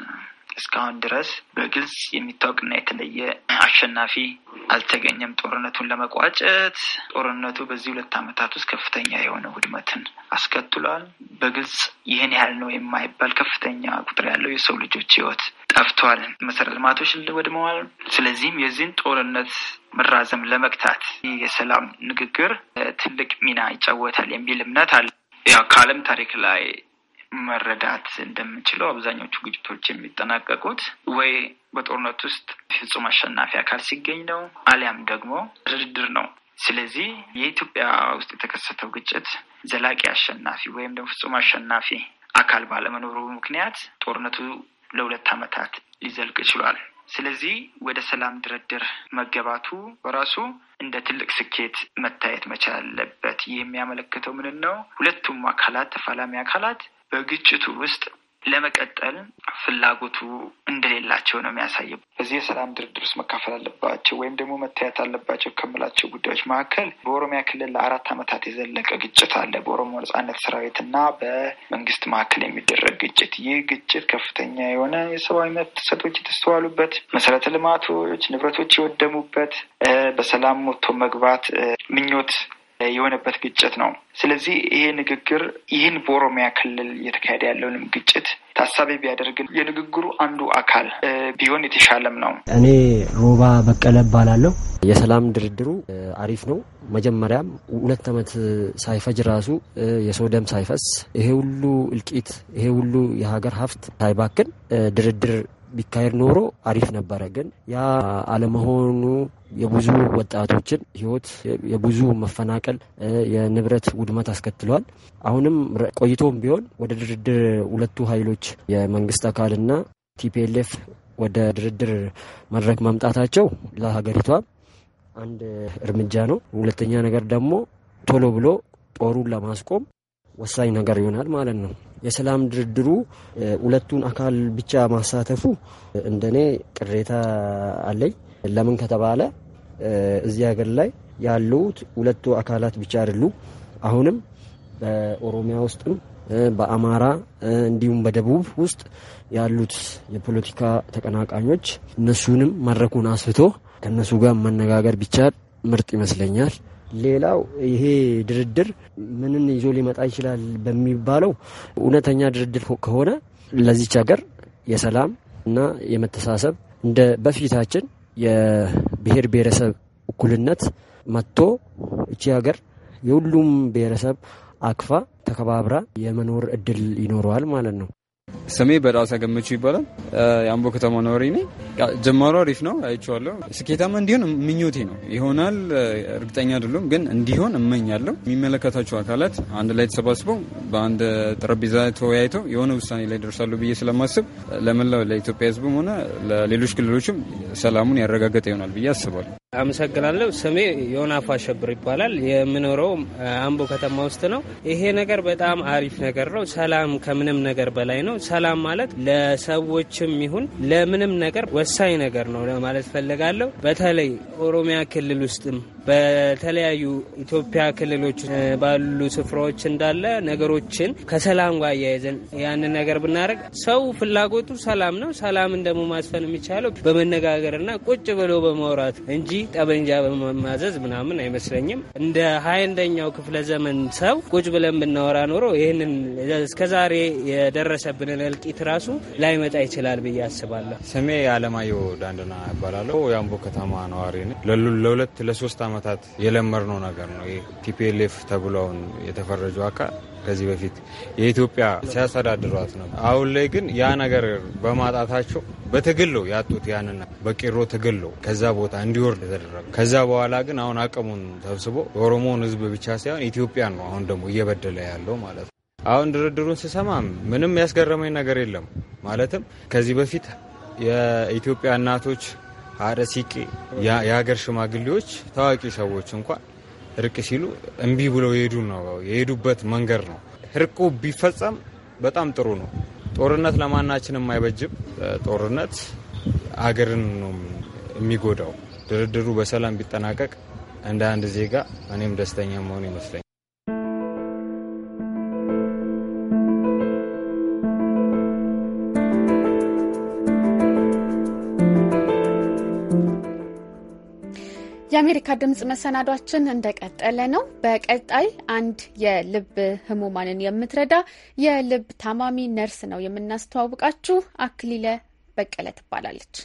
እስካሁን ድረስ በግልጽ የሚታወቅና የተለየ አሸናፊ አልተገኘም። ጦርነቱን ለመቋጨት ጦርነቱ በዚህ ሁለት ዓመታት ውስጥ ከፍተኛ የሆነ ውድመትን አስከትሏል። በግልጽ ይህን ያህል ነው የማይባል ከፍተኛ ቁጥር ያለው የሰው ልጆች ህይወት ጠፍቷል። መሰረተ ልማቶች ወድመዋል። ስለዚህም የዚህን ጦርነት መራዘም ለመግታት የሰላም ንግግር ትልቅ ሚና ይጫወታል የሚል እምነት አለ። ያው ከዓለም ታሪክ ላይ መረዳት እንደምንችለው አብዛኞቹ ግጭቶች የሚጠናቀቁት ወይ በጦርነት ውስጥ ፍጹም አሸናፊ አካል ሲገኝ ነው፣ አሊያም ደግሞ ድርድር ነው። ስለዚህ የኢትዮጵያ ውስጥ የተከሰተው ግጭት ዘላቂ አሸናፊ ወይም ደግሞ ፍጹም አሸናፊ አካል ባለመኖሩ ምክንያት ጦርነቱ ለሁለት ዓመታት ሊዘልቅ ችሏል። ስለዚህ ወደ ሰላም ድርድር መገባቱ በራሱ እንደ ትልቅ ስኬት መታየት መቻል አለበት። ይህ የሚያመለክተው ምንን ነው? ሁለቱም አካላት ተፋላሚ አካላት በግጭቱ ውስጥ ለመቀጠል ፍላጎቱ እንደሌላቸው ነው የሚያሳየው። በዚህ የሰላም ድርድር ውስጥ መካፈል አለባቸው ወይም ደግሞ መታየት አለባቸው ከምላቸው ጉዳዮች መካከል በኦሮሚያ ክልል ለአራት ዓመታት የዘለቀ ግጭት አለ፣ በኦሮሞ ነጻነት ሰራዊት እና በመንግስት መካከል የሚደረግ ግጭት። ይህ ግጭት ከፍተኛ የሆነ የሰብአዊ መብት ጥሰቶች የተስተዋሉበት፣ መሰረተ ልማቶች፣ ንብረቶች የወደሙበት፣ በሰላም ሞቶ መግባት ምኞት የሆነበት ግጭት ነው። ስለዚህ ይሄ ንግግር ይህን በኦሮሚያ ክልል እየተካሄደ ያለውንም ግጭት ታሳቢ ቢያደርግ የንግግሩ አንዱ አካል ቢሆን የተሻለም ነው። እኔ ሮባ በቀለ እባላለሁ። የሰላም ድርድሩ አሪፍ ነው። መጀመሪያም ሁለት ዓመት ሳይፈጅ ራሱ የሰው ደም ሳይፈስ ይሄ ሁሉ እልቂት፣ ይሄ ሁሉ የሀገር ሀብት ሳይባክን ድርድር ቢካሄድ ኖሮ አሪፍ ነበረ። ግን ያ አለመሆኑ የብዙ ወጣቶችን ህይወት የብዙ መፈናቀል፣ የንብረት ውድመት አስከትሏል። አሁንም ቆይቶም ቢሆን ወደ ድርድር ሁለቱ ኃይሎች የመንግስት አካልና ቲፒኤልኤፍ ወደ ድርድር መድረክ መምጣታቸው ለሀገሪቷ አንድ እርምጃ ነው። ሁለተኛ ነገር ደግሞ ቶሎ ብሎ ጦሩን ለማስቆም ወሳኝ ነገር ይሆናል ማለት ነው። የሰላም ድርድሩ ሁለቱን አካል ብቻ ማሳተፉ እንደኔ ቅሬታ አለኝ። ለምን ከተባለ እዚህ ሀገር ላይ ያሉት ሁለቱ አካላት ብቻ አይደሉ። አሁንም በኦሮሚያ ውስጥም በአማራ እንዲሁም በደቡብ ውስጥ ያሉት የፖለቲካ ተቀናቃኞች እነሱንም መድረኩን አስፍቶ ከእነሱ ጋር መነጋገር ቢቻል ምርጥ ይመስለኛል። ሌላው ይሄ ድርድር ምንን ይዞ ሊመጣ ይችላል በሚባለው እውነተኛ ድርድር ከሆነ ለዚች ሀገር የሰላም እና የመተሳሰብ እንደ በፊታችን የብሔር ብሔረሰብ እኩልነት መጥቶ እቺ ሀገር የሁሉም ብሔረሰብ አክፋ ተከባብራ የመኖር እድል ይኖረዋል ማለት ነው። ስሜ በዳሳ ገመቹ ይባላል። የአምቦ ከተማ ነዋሪ ነኝ። ጀማሮ አሪፍ ነው፣ አይቼዋለሁ። ስኬታማ እንዲሆን ምኞቴ ነው። ይሆናል፣ እርግጠኛ አይደለም፣ ግን እንዲሆን እመኛለሁ። የሚመለከታቸው አካላት አንድ ላይ ተሰባስበው በአንድ ጠረጴዛ ተወያይተው የሆነ ውሳኔ ላይ ደርሳሉ ብዬ ስለማስብ ለመላው ለኢትዮጵያ ሕዝብም ሆነ ለሌሎች ክልሎችም ሰላሙን ያረጋገጠ ይሆናል ብዬ አስባለሁ። አመሰግናለሁ። ስሜ ዮናፍ አሸብር ይባላል። የምኖረው አምቦ ከተማ ውስጥ ነው። ይሄ ነገር በጣም አሪፍ ነገር ነው። ሰላም ከምንም ነገር በላይ ነው። ሰላም ማለት ለሰዎችም ይሁን ለምንም ነገር ወሳኝ ነገር ነው ለማለት ፈልጋለሁ። በተለይ ኦሮሚያ ክልል ውስጥም በተለያዩ ኢትዮጵያ ክልሎች ባሉ ስፍራዎች እንዳለ ነገሮችን ከሰላም ጋር አያይዘን ያንን ነገር ብናደርግ ሰው ፍላጎቱ ሰላም ነው። ሰላምን ደግሞ ማስፈን የሚቻለው በመነጋገርና ቁጭ ብሎ በማውራት እንጂ ጠበንጃ በመማዘዝ ምናምን አይመስለኝም። እንደ ሀያ አንደኛው ክፍለ ዘመን ሰው ቁጭ ብለን ብናወራ ኖሮ ይህንን እስከዛሬ የደረሰብንን እልቂት ራሱ ላይመጣ ይችላል ብዬ አስባለሁ። ስሜ አለማየሁ ዳንድና እባላለሁ። የአምቦ ከተማ ነዋሪ ነኝ። ለሁለት ለሶስት አመታት የለመድነው ነገር ነው። ቲፒኤልኤፍ ተብለውን የተፈረጁ አካል ከዚህ በፊት የኢትዮጵያ ሲያስተዳድሯት ነው። አሁን ላይ ግን ያ ነገር በማጣታቸው በትግል ነው ያጡት። ያንን በቄሮ ትግል ነው ከዛ ቦታ እንዲወርድ የተደረገ። ከዛ በኋላ ግን አሁን አቅሙን ሰብስቦ የኦሮሞውን ህዝብ ብቻ ሳይሆን ኢትዮጵያን ነው አሁን ደግሞ እየበደለ ያለው ማለት ነው። አሁን ድርድሩን ስሰማ ምንም ያስገረመኝ ነገር የለም። ማለትም ከዚህ በፊት የኢትዮጵያ እናቶች አረ ሲቄ የሀገር ሽማግሌዎች ታዋቂ ሰዎች እንኳን እርቅ ሲሉ እምቢ ብለው የሄዱ ነው የሄዱበት መንገድ ነው። እርቁ ቢፈጸም በጣም ጥሩ ነው። ጦርነት ለማናችን የማይበጅም ጦርነት አገርን ነው የሚጎዳው። ድርድሩ በሰላም ቢጠናቀቅ እንደ አንድ ዜጋ እኔም ደስተኛ መሆን ይመስለኛል። የአሜሪካ ድምፅ መሰናዷችን እንደቀጠለ ነው። በቀጣይ አንድ የልብ ህሙማንን የምትረዳ የልብ ታማሚ ነርስ ነው የምናስተዋውቃችሁ። አክሊለ በቀለ ትባላለች።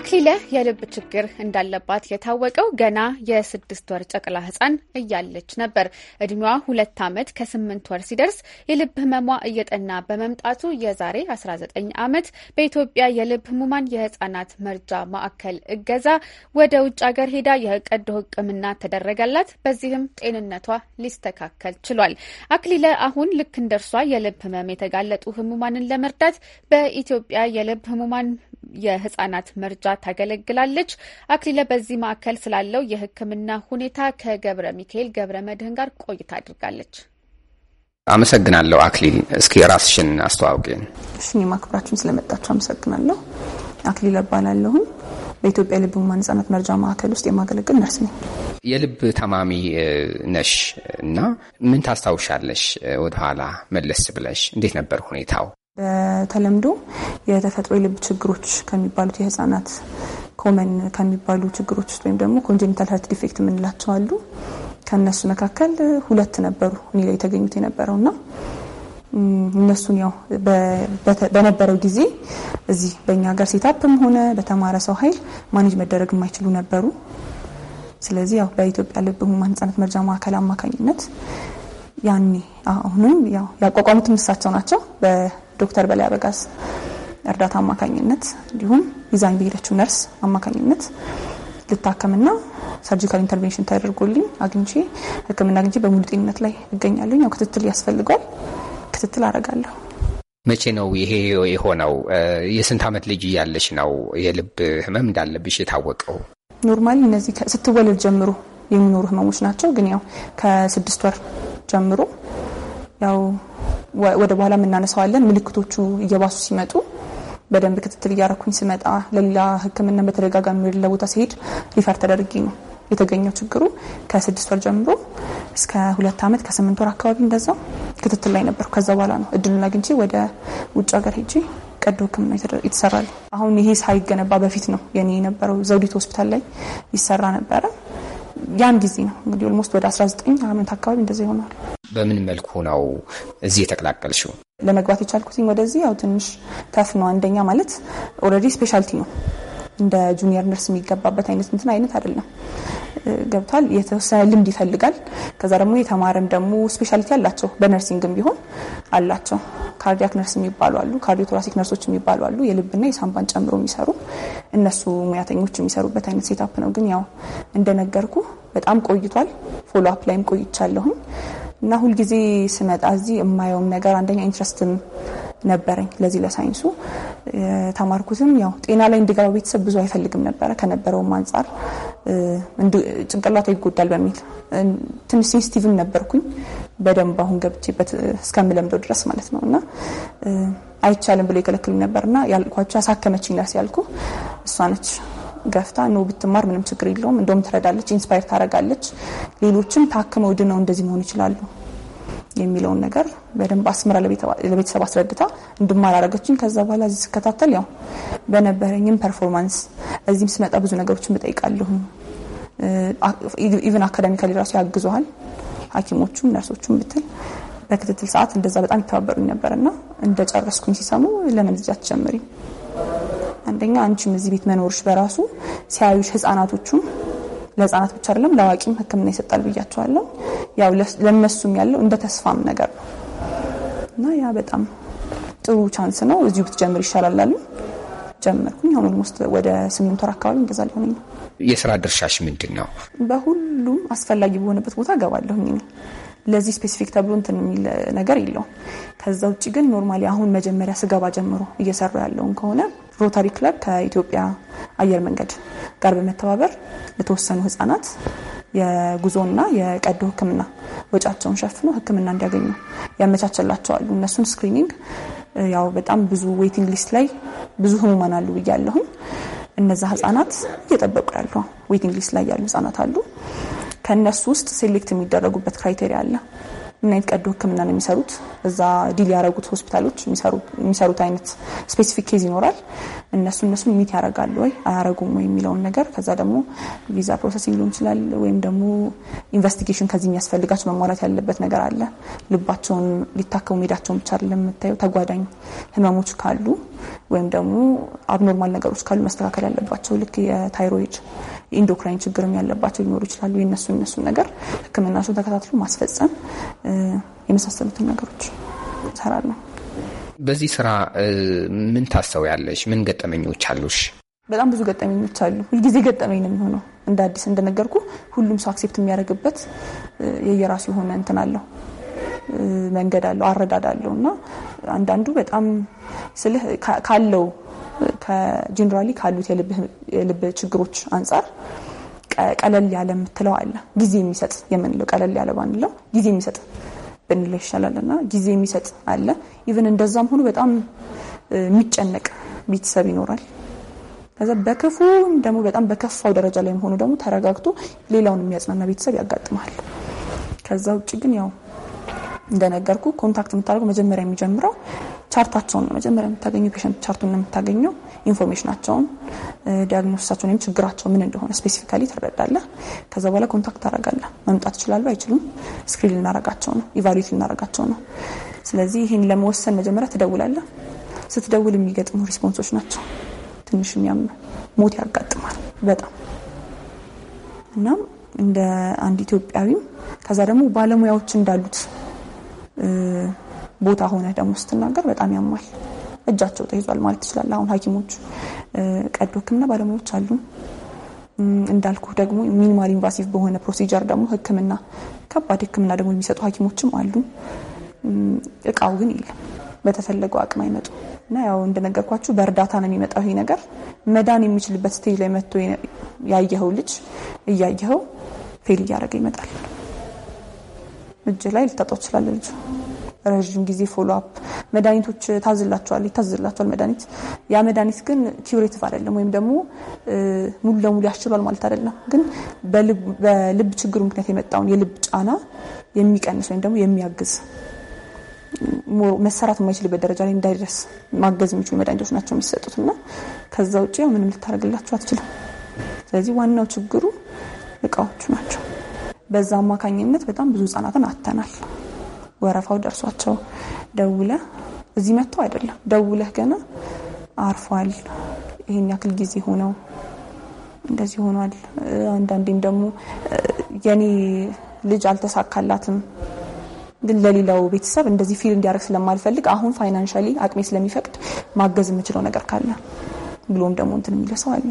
አክሊለ የልብ ችግር እንዳለባት የታወቀው ገና የስድስት ወር ጨቅላ ህጻን እያለች ነበር። እድሜዋ ሁለት ዓመት ከስምንት ወር ሲደርስ የልብ ህመሟ እየጠና በመምጣቱ የዛሬ 19 ዓመት በኢትዮጵያ የልብ ህሙማን የህጻናት መርጃ ማዕከል እገዛ ወደ ውጭ ሀገር ሄዳ የቀዶ ሕክምና ተደረገላት። በዚህም ጤንነቷ ሊስተካከል ችሏል። አክሊለ አሁን ልክ እንደርሷ የልብ ህመም የተጋለጡ ህሙማንን ለመርዳት በኢትዮጵያ የልብ ህሙማን የህጻናት መርጃ ታገለግላለች። አክሊለ በዚህ ማዕከል ስላለው የህክምና ሁኔታ ከገብረ ሚካኤል ገብረ መድህን ጋር ቆይታ አድርጋለች። አመሰግናለሁ። አክሊል እስኪ ራስሽን አስተዋውቂን። እሺ፣ ማክብራችሁን ስለመጣችሁ አመሰግናለሁ። አክሊል እባላለሁኝ በኢትዮጵያ ልብ ህሙማን ህጻናት መርጃ ማዕከል ውስጥ የማገለግል ነርስ ነኝ። የልብ ታማሚ ነሽ እና ምን ታስታውሻለሽ? ወደኋላ መለስ ብለሽ እንዴት ነበር ሁኔታው? በተለምዶ የተፈጥሮ የልብ ችግሮች ከሚባሉት የህፃናት ኮመን ከሚባሉ ችግሮች ውስጥ ወይም ደግሞ ኮንጀኒታል ሀርት ዲፌክት የምንላቸው አሉ። ከእነሱ መካከል ሁለት ነበሩ እኔ ላይ የተገኙት የነበረው እና እነሱን ያው በነበረው ጊዜ እዚህ በእኛ ሀገር ሴታፕም ሆነ በተማረ ሰው ኃይል ማኔጅ መደረግ የማይችሉ ነበሩ። ስለዚህ ያው በኢትዮጵያ ልብ ህሙማን ህጻናት መርጃ ማዕከል አማካኝነት ያኔ አሁንም ያው ያቋቋሙት እሳቸው ናቸው ዶክተር በላይ አበጋዝ እርዳታ አማካኝነት እንዲሁም ይዛኝ በሄደችው ነርስ አማካኝነት ልታከምና ሰርጂካል ኢንተርቬንሽን ተደርጎልኝ አግኝቼ ሕክምና አግኝቼ በሙሉ ጤንነት ላይ እገኛለሁ። ያው ክትትል ያስፈልጓል፣ ክትትል አደርጋለሁ። መቼ ነው ይሄ የሆነው? የስንት ዓመት ልጅ እያለሽ ነው የልብ ህመም እንዳለብሽ የታወቀው? ኖርማሊ እነዚህ ስትወለድ ጀምሮ የሚኖሩ ህመሞች ናቸው። ግን ያው ከስድስት ወር ጀምሮ ያው ወደ በኋላ የምናነሳዋለን። ምልክቶቹ እየባሱ ሲመጡ በደንብ ክትትል እያረኩኝ ስመጣ ለሌላ ሕክምና በተደጋጋሚ ወደ ሌላ ቦታ ሲሄድ ሪፈር ተደርጌ ነው የተገኘው። ችግሩ ከስድስት ወር ጀምሮ እስከ ሁለት ዓመት ከስምንት ወር አካባቢ እንደዛው ክትትል ላይ ነበርኩ። ከዛ በኋላ ነው እድሉን አግኝቼ ወደ ውጭ ሀገር ሄጄ ቀዶ ሕክምና የተሰራል። አሁን ይሄ ሳይገነባ በፊት ነው የኔ የነበረው ዘውዲት ሆስፒታል ላይ ይሰራ ነበረ። ያን ጊዜ ነው እንግዲህ ኦልሞስት ወደ 19 ዓመት አካባቢ እንደዚህ ይሆናል። በምን መልኩ ነው እዚህ የተቀላቀልሽው? ለመግባት የቻልኩትኝ ወደዚህ ያው ትንሽ ተፍ ነው። አንደኛ ማለት ኦልሬዲ ስፔሻልቲ ነው እንደ ጁኒየር ነርስ የሚገባበት አይነት እንትን አይነት አይደለም። ገብቷል። የተወሰነ ልምድ ይፈልጋል። ከዛ ደግሞ የተማረም ደግሞ ስፔሻሊቲ አላቸው። በነርሲንግም ቢሆን አላቸው። ካርዲያክ ነርስ የሚባሉ አሉ፣ ካርዲዮቶራሲክ ነርሶች የሚባሉ አሉ። የልብና የሳምባን ጨምሮ የሚሰሩ እነሱ ሙያተኞች የሚሰሩበት አይነት ሴታፕ ነው። ግን ያው እንደነገርኩ በጣም ቆይቷል። ፎሎ አፕ ላይም ቆይቻለሁኝ። እና ሁልጊዜ ስመጣ እዚህ የማየውም ነገር አንደኛ ኢንትረስትም ነበረኝ ለዚህ ለሳይንሱ ተማርኩትም። ያው ጤና ላይ እንድገባ ቤተሰብ ብዙ አይፈልግም ነበረ ከነበረውም አንጻር ጭንቅላታ ይጎዳል በሚል ትንሽ ሴንስቲቭም ነበርኩኝ በደንብ አሁን ገብቼበት እስከምለምደው ድረስ ማለት ነው እና አይቻልም ብሎ ይከለክልም ነበርና ያልኳቸው አሳከመችኝ ላስ ያልኩ እሷ ነች። ገፍታ ነው ብትማር ምንም ችግር የለውም፣ እንደውም ትረዳለች፣ ኢንስፓየር ታደርጋለች፣ ሌሎችም ታክመው ድነው እንደዚህ መሆን ይችላሉ የሚለውን ነገር በደንብ አስምራ ለቤተሰብ አስረድታ እንድማር አደረገችኝ። ከዛ በኋላ እዚህ ስከታተል ያው በነበረኝም ፐርፎርማንስ እዚህም ስመጣ ብዙ ነገሮችን ብጠይቃለሁ። ኢቨን አካዳሚካሊ ራሱ ያግዘዋል ሐኪሞቹም ነርሶቹም ብትል በክትትል ሰዓት እንደዛ በጣም ይተባበሩኝ ነበር እና ሲሰሙ ለምን እዚህ አንደኛ አንቺም እዚህ ቤት መኖርሽ በራሱ ሲያዩሽ ህጻናቶቹም ለህጻናት ብቻ አይደለም ለአዋቂም ህክምና ይሰጣል ብያቸዋለሁ። ያው ለነሱም ያለው እንደ ተስፋም ነገር ነው እና ያ በጣም ጥሩ ቻንስ ነው። እዚሁ ብትጀምር ይሻላል አሉ። ጀመርኩኝ። አሁን ኦልሞስት ወደ ስምንት ወር አካባቢ እንደዛ ሊሆነኝ ነው። የስራ ድርሻሽ ምንድን ነው? በሁሉም አስፈላጊ በሆነበት ቦታ እገባለሁኝ ነው ለዚህ ስፔሲፊክ ተብሎ እንትን የሚል ነገር የለውም። ከዛ ውጭ ግን ኖርማሊ አሁን መጀመሪያ ስገባ ጀምሮ እየሰራ ያለውን ከሆነ ሮታሪ ክለብ ከኢትዮጵያ አየር መንገድ ጋር በመተባበር ለተወሰኑ ህጻናት የጉዞና የቀዶ ህክምና ወጫቸውን ሸፍኖ ህክምና እንዲያገኙ ያመቻቸላቸዋሉ። እነሱን ስክሪኒንግ ያው በጣም ብዙ ዌቲንግ ሊስት ላይ ብዙ ህሙማን አሉ ብያለሁም። እነዛ ህጻናት እየጠበቁ ያሉ ዌቲንግ ሊስት ላይ ያሉ ህጻናት አሉ። ከእነሱ ውስጥ ሴሌክት የሚደረጉበት ክራይቴሪያ አለ። ምን አይነት ቀዶ ህክምና ነው የሚሰሩት እዛ ዲል ያደረጉት ሆስፒታሎች የሚሰሩት አይነት ስፔሲፊክ ኬዝ ይኖራል። እነሱ እነሱ ሚት ያደርጋሉ ወይ አያረጉም ወይ የሚለውን ነገር ከዛ ደግሞ ቪዛ ፕሮሰሲንግ ሊሆን ይችላል ወይም ደግሞ ኢንቨስቲጌሽን ከዚህ የሚያስፈልጋቸው መሟላት ያለበት ነገር አለ። ልባቸውን ሊታከሙ ሄዳቸውን ብቻ የምታየው ተጓዳኝ ህመሞች ካሉ ወይም ደግሞ አብኖርማል ነገሮች ካሉ መስተካከል ያለባቸው ልክ የታይሮይድ የኢንዶክራይን ችግርም ያለባቸው ሊኖሩ ይችላሉ። የነሱ የነሱ ነገር ሰው ተከታትሎ ማስፈጸም የመሳሰሉትን ነገሮች እሰራለሁ። በዚህ ስራ ምን ያለሽ? ምን ገጠመኞች አሉሽ? በጣም ብዙ ገጠመኞች አሉ። ሁልጊዜ ገጠመኝ ነው የሚሆነው። እንደ አዲስ እንደነገርኩ ሁሉም ሰው አክሴፕት የሚያደርግበት የየራሱ የሆነ እንትን አለው መንገድ አለው አረዳድ አለው እና አንዳንዱ በጣም ስልህ ካለው ጀኔራሊ ካሉት የልብ ችግሮች አንጻር ቀለል ያለ የምትለው አለ። ጊዜ የሚሰጥ የምንለው ቀለል ያለ ባንለው ጊዜ የሚሰጥ ብንለው ይሻላል እና ጊዜ የሚሰጥ አለ። ኢቨን እንደዛም ሆኖ በጣም የሚጨነቅ ቤተሰብ ይኖራል። ከዛ በክፉ ደግሞ በጣም በከፋው ደረጃ ላይ ሆኖ ደግሞ ተረጋግቶ ሌላውን የሚያጽናና ቤተሰብ ያጋጥማል። ከዛ ውጭ ግን ያው እንደነገርኩ ኮንታክት የምታደርገው መጀመሪያ የሚጀምረው ቻርታቸውን ነው። መጀመሪያ የምታገኙ ፔሸንት ቻርቱን የምታገኘው ኢንፎርሜሽናቸውን፣ ዲያግኖሲሳቸውን ወይም ችግራቸው ምን እንደሆነ ስፔሲፊካሊ ትረዳለህ። ከዛ በኋላ ኮንታክት ታደርጋለህ። መምጣት ይችላሉ አይችሉም፣ ስክሪን ልናረጋቸው ነው፣ ኢቫሉዌት ልናረጋቸው ነው። ስለዚህ ይህን ለመወሰን መጀመሪያ ትደውላለህ። ስትደውል የሚገጥሙ ሪስፖንሶች ናቸው ትንሽ የሚያም ሞት ያጋጥማል በጣም እናም እንደ አንድ ኢትዮጵያዊም ከዛ ደግሞ ባለሙያዎች እንዳሉት ቦታ ሆነ ደግሞ ስትናገር በጣም ያማል። እጃቸው ተይዟል ማለት ትችላለህ። አሁን ሐኪሞች ቀዶ ሕክምና ባለሙያዎች አሉ። እንዳልኩ ደግሞ ሚኒማል ኢንቫሲቭ በሆነ ፕሮሲጀር ደግሞ ሕክምና ከባድ ሕክምና ደግሞ የሚሰጡ ሐኪሞችም አሉ። እቃው ግን የለም፣ በተፈለገው አቅም አይመጡም። እና ያው እንደነገርኳችሁ በእርዳታ ነው የሚመጣው ይሄ ነገር። መዳን የሚችልበት ስቴጅ ላይ መጥቶ ያየኸው ልጅ እያየኸው ፌል እያደረገ ይመጣል። እጅ ላይ ልታጣው ትችላለ። ልጅ ረዥም ጊዜ ፎሎ አፕ መድኃኒቶች ታዝላቸዋል፣ ይታዝላቸዋል መድኃኒት። ያ መድኃኒት ግን ኪውሬቲቭ አይደለም ወይም ደግሞ ሙሉ ለሙሉ ያሽሏል ማለት አይደለም። ግን በልብ ችግሩ ምክንያት የመጣውን የልብ ጫና የሚቀንስ ወይም ደግሞ የሚያግዝ መሰራት የማይችልበት ደረጃ ላይ እንዳይደርስ ማገዝ የሚችሉ መድኃኒቶች ናቸው የሚሰጡት እና ከዛ ውጭ ምንም ልታደርግላቸው አትችልም። ስለዚህ ዋናው ችግሩ እቃዎቹ ናቸው። በዛ አማካኝነት በጣም ብዙ ህጻናትን አተናል። ወረፋው ደርሷቸው ደውለህ እዚህ መጥተው አይደለም ደውለህ ገና አርፏል፣ ይህን ያክል ጊዜ ሆነው እንደዚህ ሆኗል። አንዳንዴም ደግሞ የኔ ልጅ አልተሳካላትም ግን ለሌላው ቤተሰብ እንደዚህ ፊል እንዲያደርግ ስለማልፈልግ አሁን ፋይናንሻሊ አቅሜ ስለሚፈቅድ ማገዝ የምችለው ነገር ካለ ብሎም ደግሞ እንትን የሚለ ሰው አለ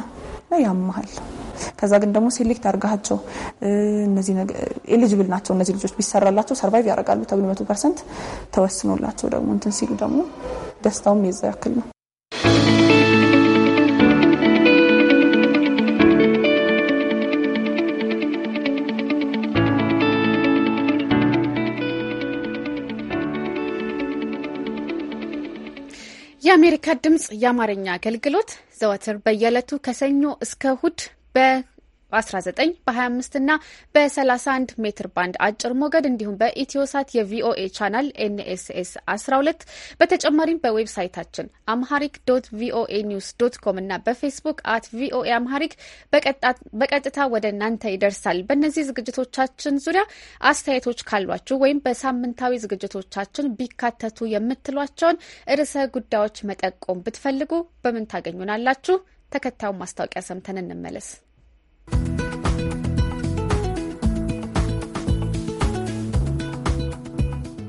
ያመሃል ከዛ ግን ደግሞ ሴሌክት አድርጋቸው እነዚህ ኤሊጅብል ናቸው እነዚህ ልጆች ቢሰራላቸው ሰርቫይቭ ያደርጋሉ ተብሎ መቶ ፐርሰንት ተወስኖላቸው ደግሞ እንትን ሲሉ ደግሞ ደስታውም የዛ ያክል ነው። የአሜሪካ ድምፅ የአማርኛ አገልግሎት ዘወትር በየዕለቱ ከሰኞ እስከ እሁድ በ 19 በ25 እና በ31 ሜትር ባንድ አጭር ሞገድ እንዲሁም በኢትዮሳት የቪኦኤ ቻናል ኤንኤስኤስ 12 በተጨማሪም በዌብሳይታችን አምሃሪክ ዶት ቪኦኤ ኒውስ ዶት ኮም እና በፌስቡክ አት ቪኦኤ አምሃሪክ በቀጥታ ወደ እናንተ ይደርሳል። በእነዚህ ዝግጅቶቻችን ዙሪያ አስተያየቶች ካሏችሁ ወይም በሳምንታዊ ዝግጅቶቻችን ቢካተቱ የምትሏቸውን ርዕሰ ጉዳዮች መጠቆም ብትፈልጉ በምን ታገኙናላችሁ? ተከታዩን ማስታወቂያ ሰምተን እንመለስ።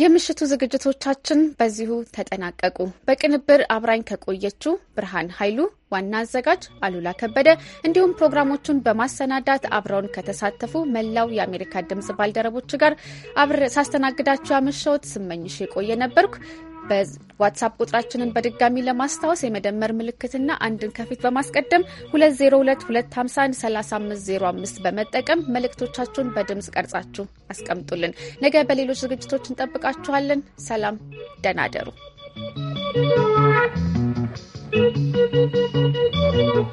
የምሽቱ ዝግጅቶቻችን በዚሁ ተጠናቀቁ። በቅንብር አብራኝ ከቆየችው ብርሃን ኃይሉ፣ ዋና አዘጋጅ አሉላ ከበደ እንዲሁም ፕሮግራሞቹን በማሰናዳት አብረውን ከተሳተፉ መላው የአሜሪካ ድምጽ ባልደረቦች ጋር አብር ሳስተናግዳችሁ ያመሸሁት ስመኝሽ የቆየ ነበርኩ። በዋትሳፕ ቁጥራችንን በድጋሚ ለማስታወስ የመደመር ምልክትና አንድን ከፊት በማስቀደም 2022513505 በመጠቀም መልእክቶቻችሁን በድምፅ ቀርጻችሁ አስቀምጡልን። ነገ በሌሎች ዝግጅቶች እንጠብቃችኋለን። ሰላም፣ ደህና አደሩ።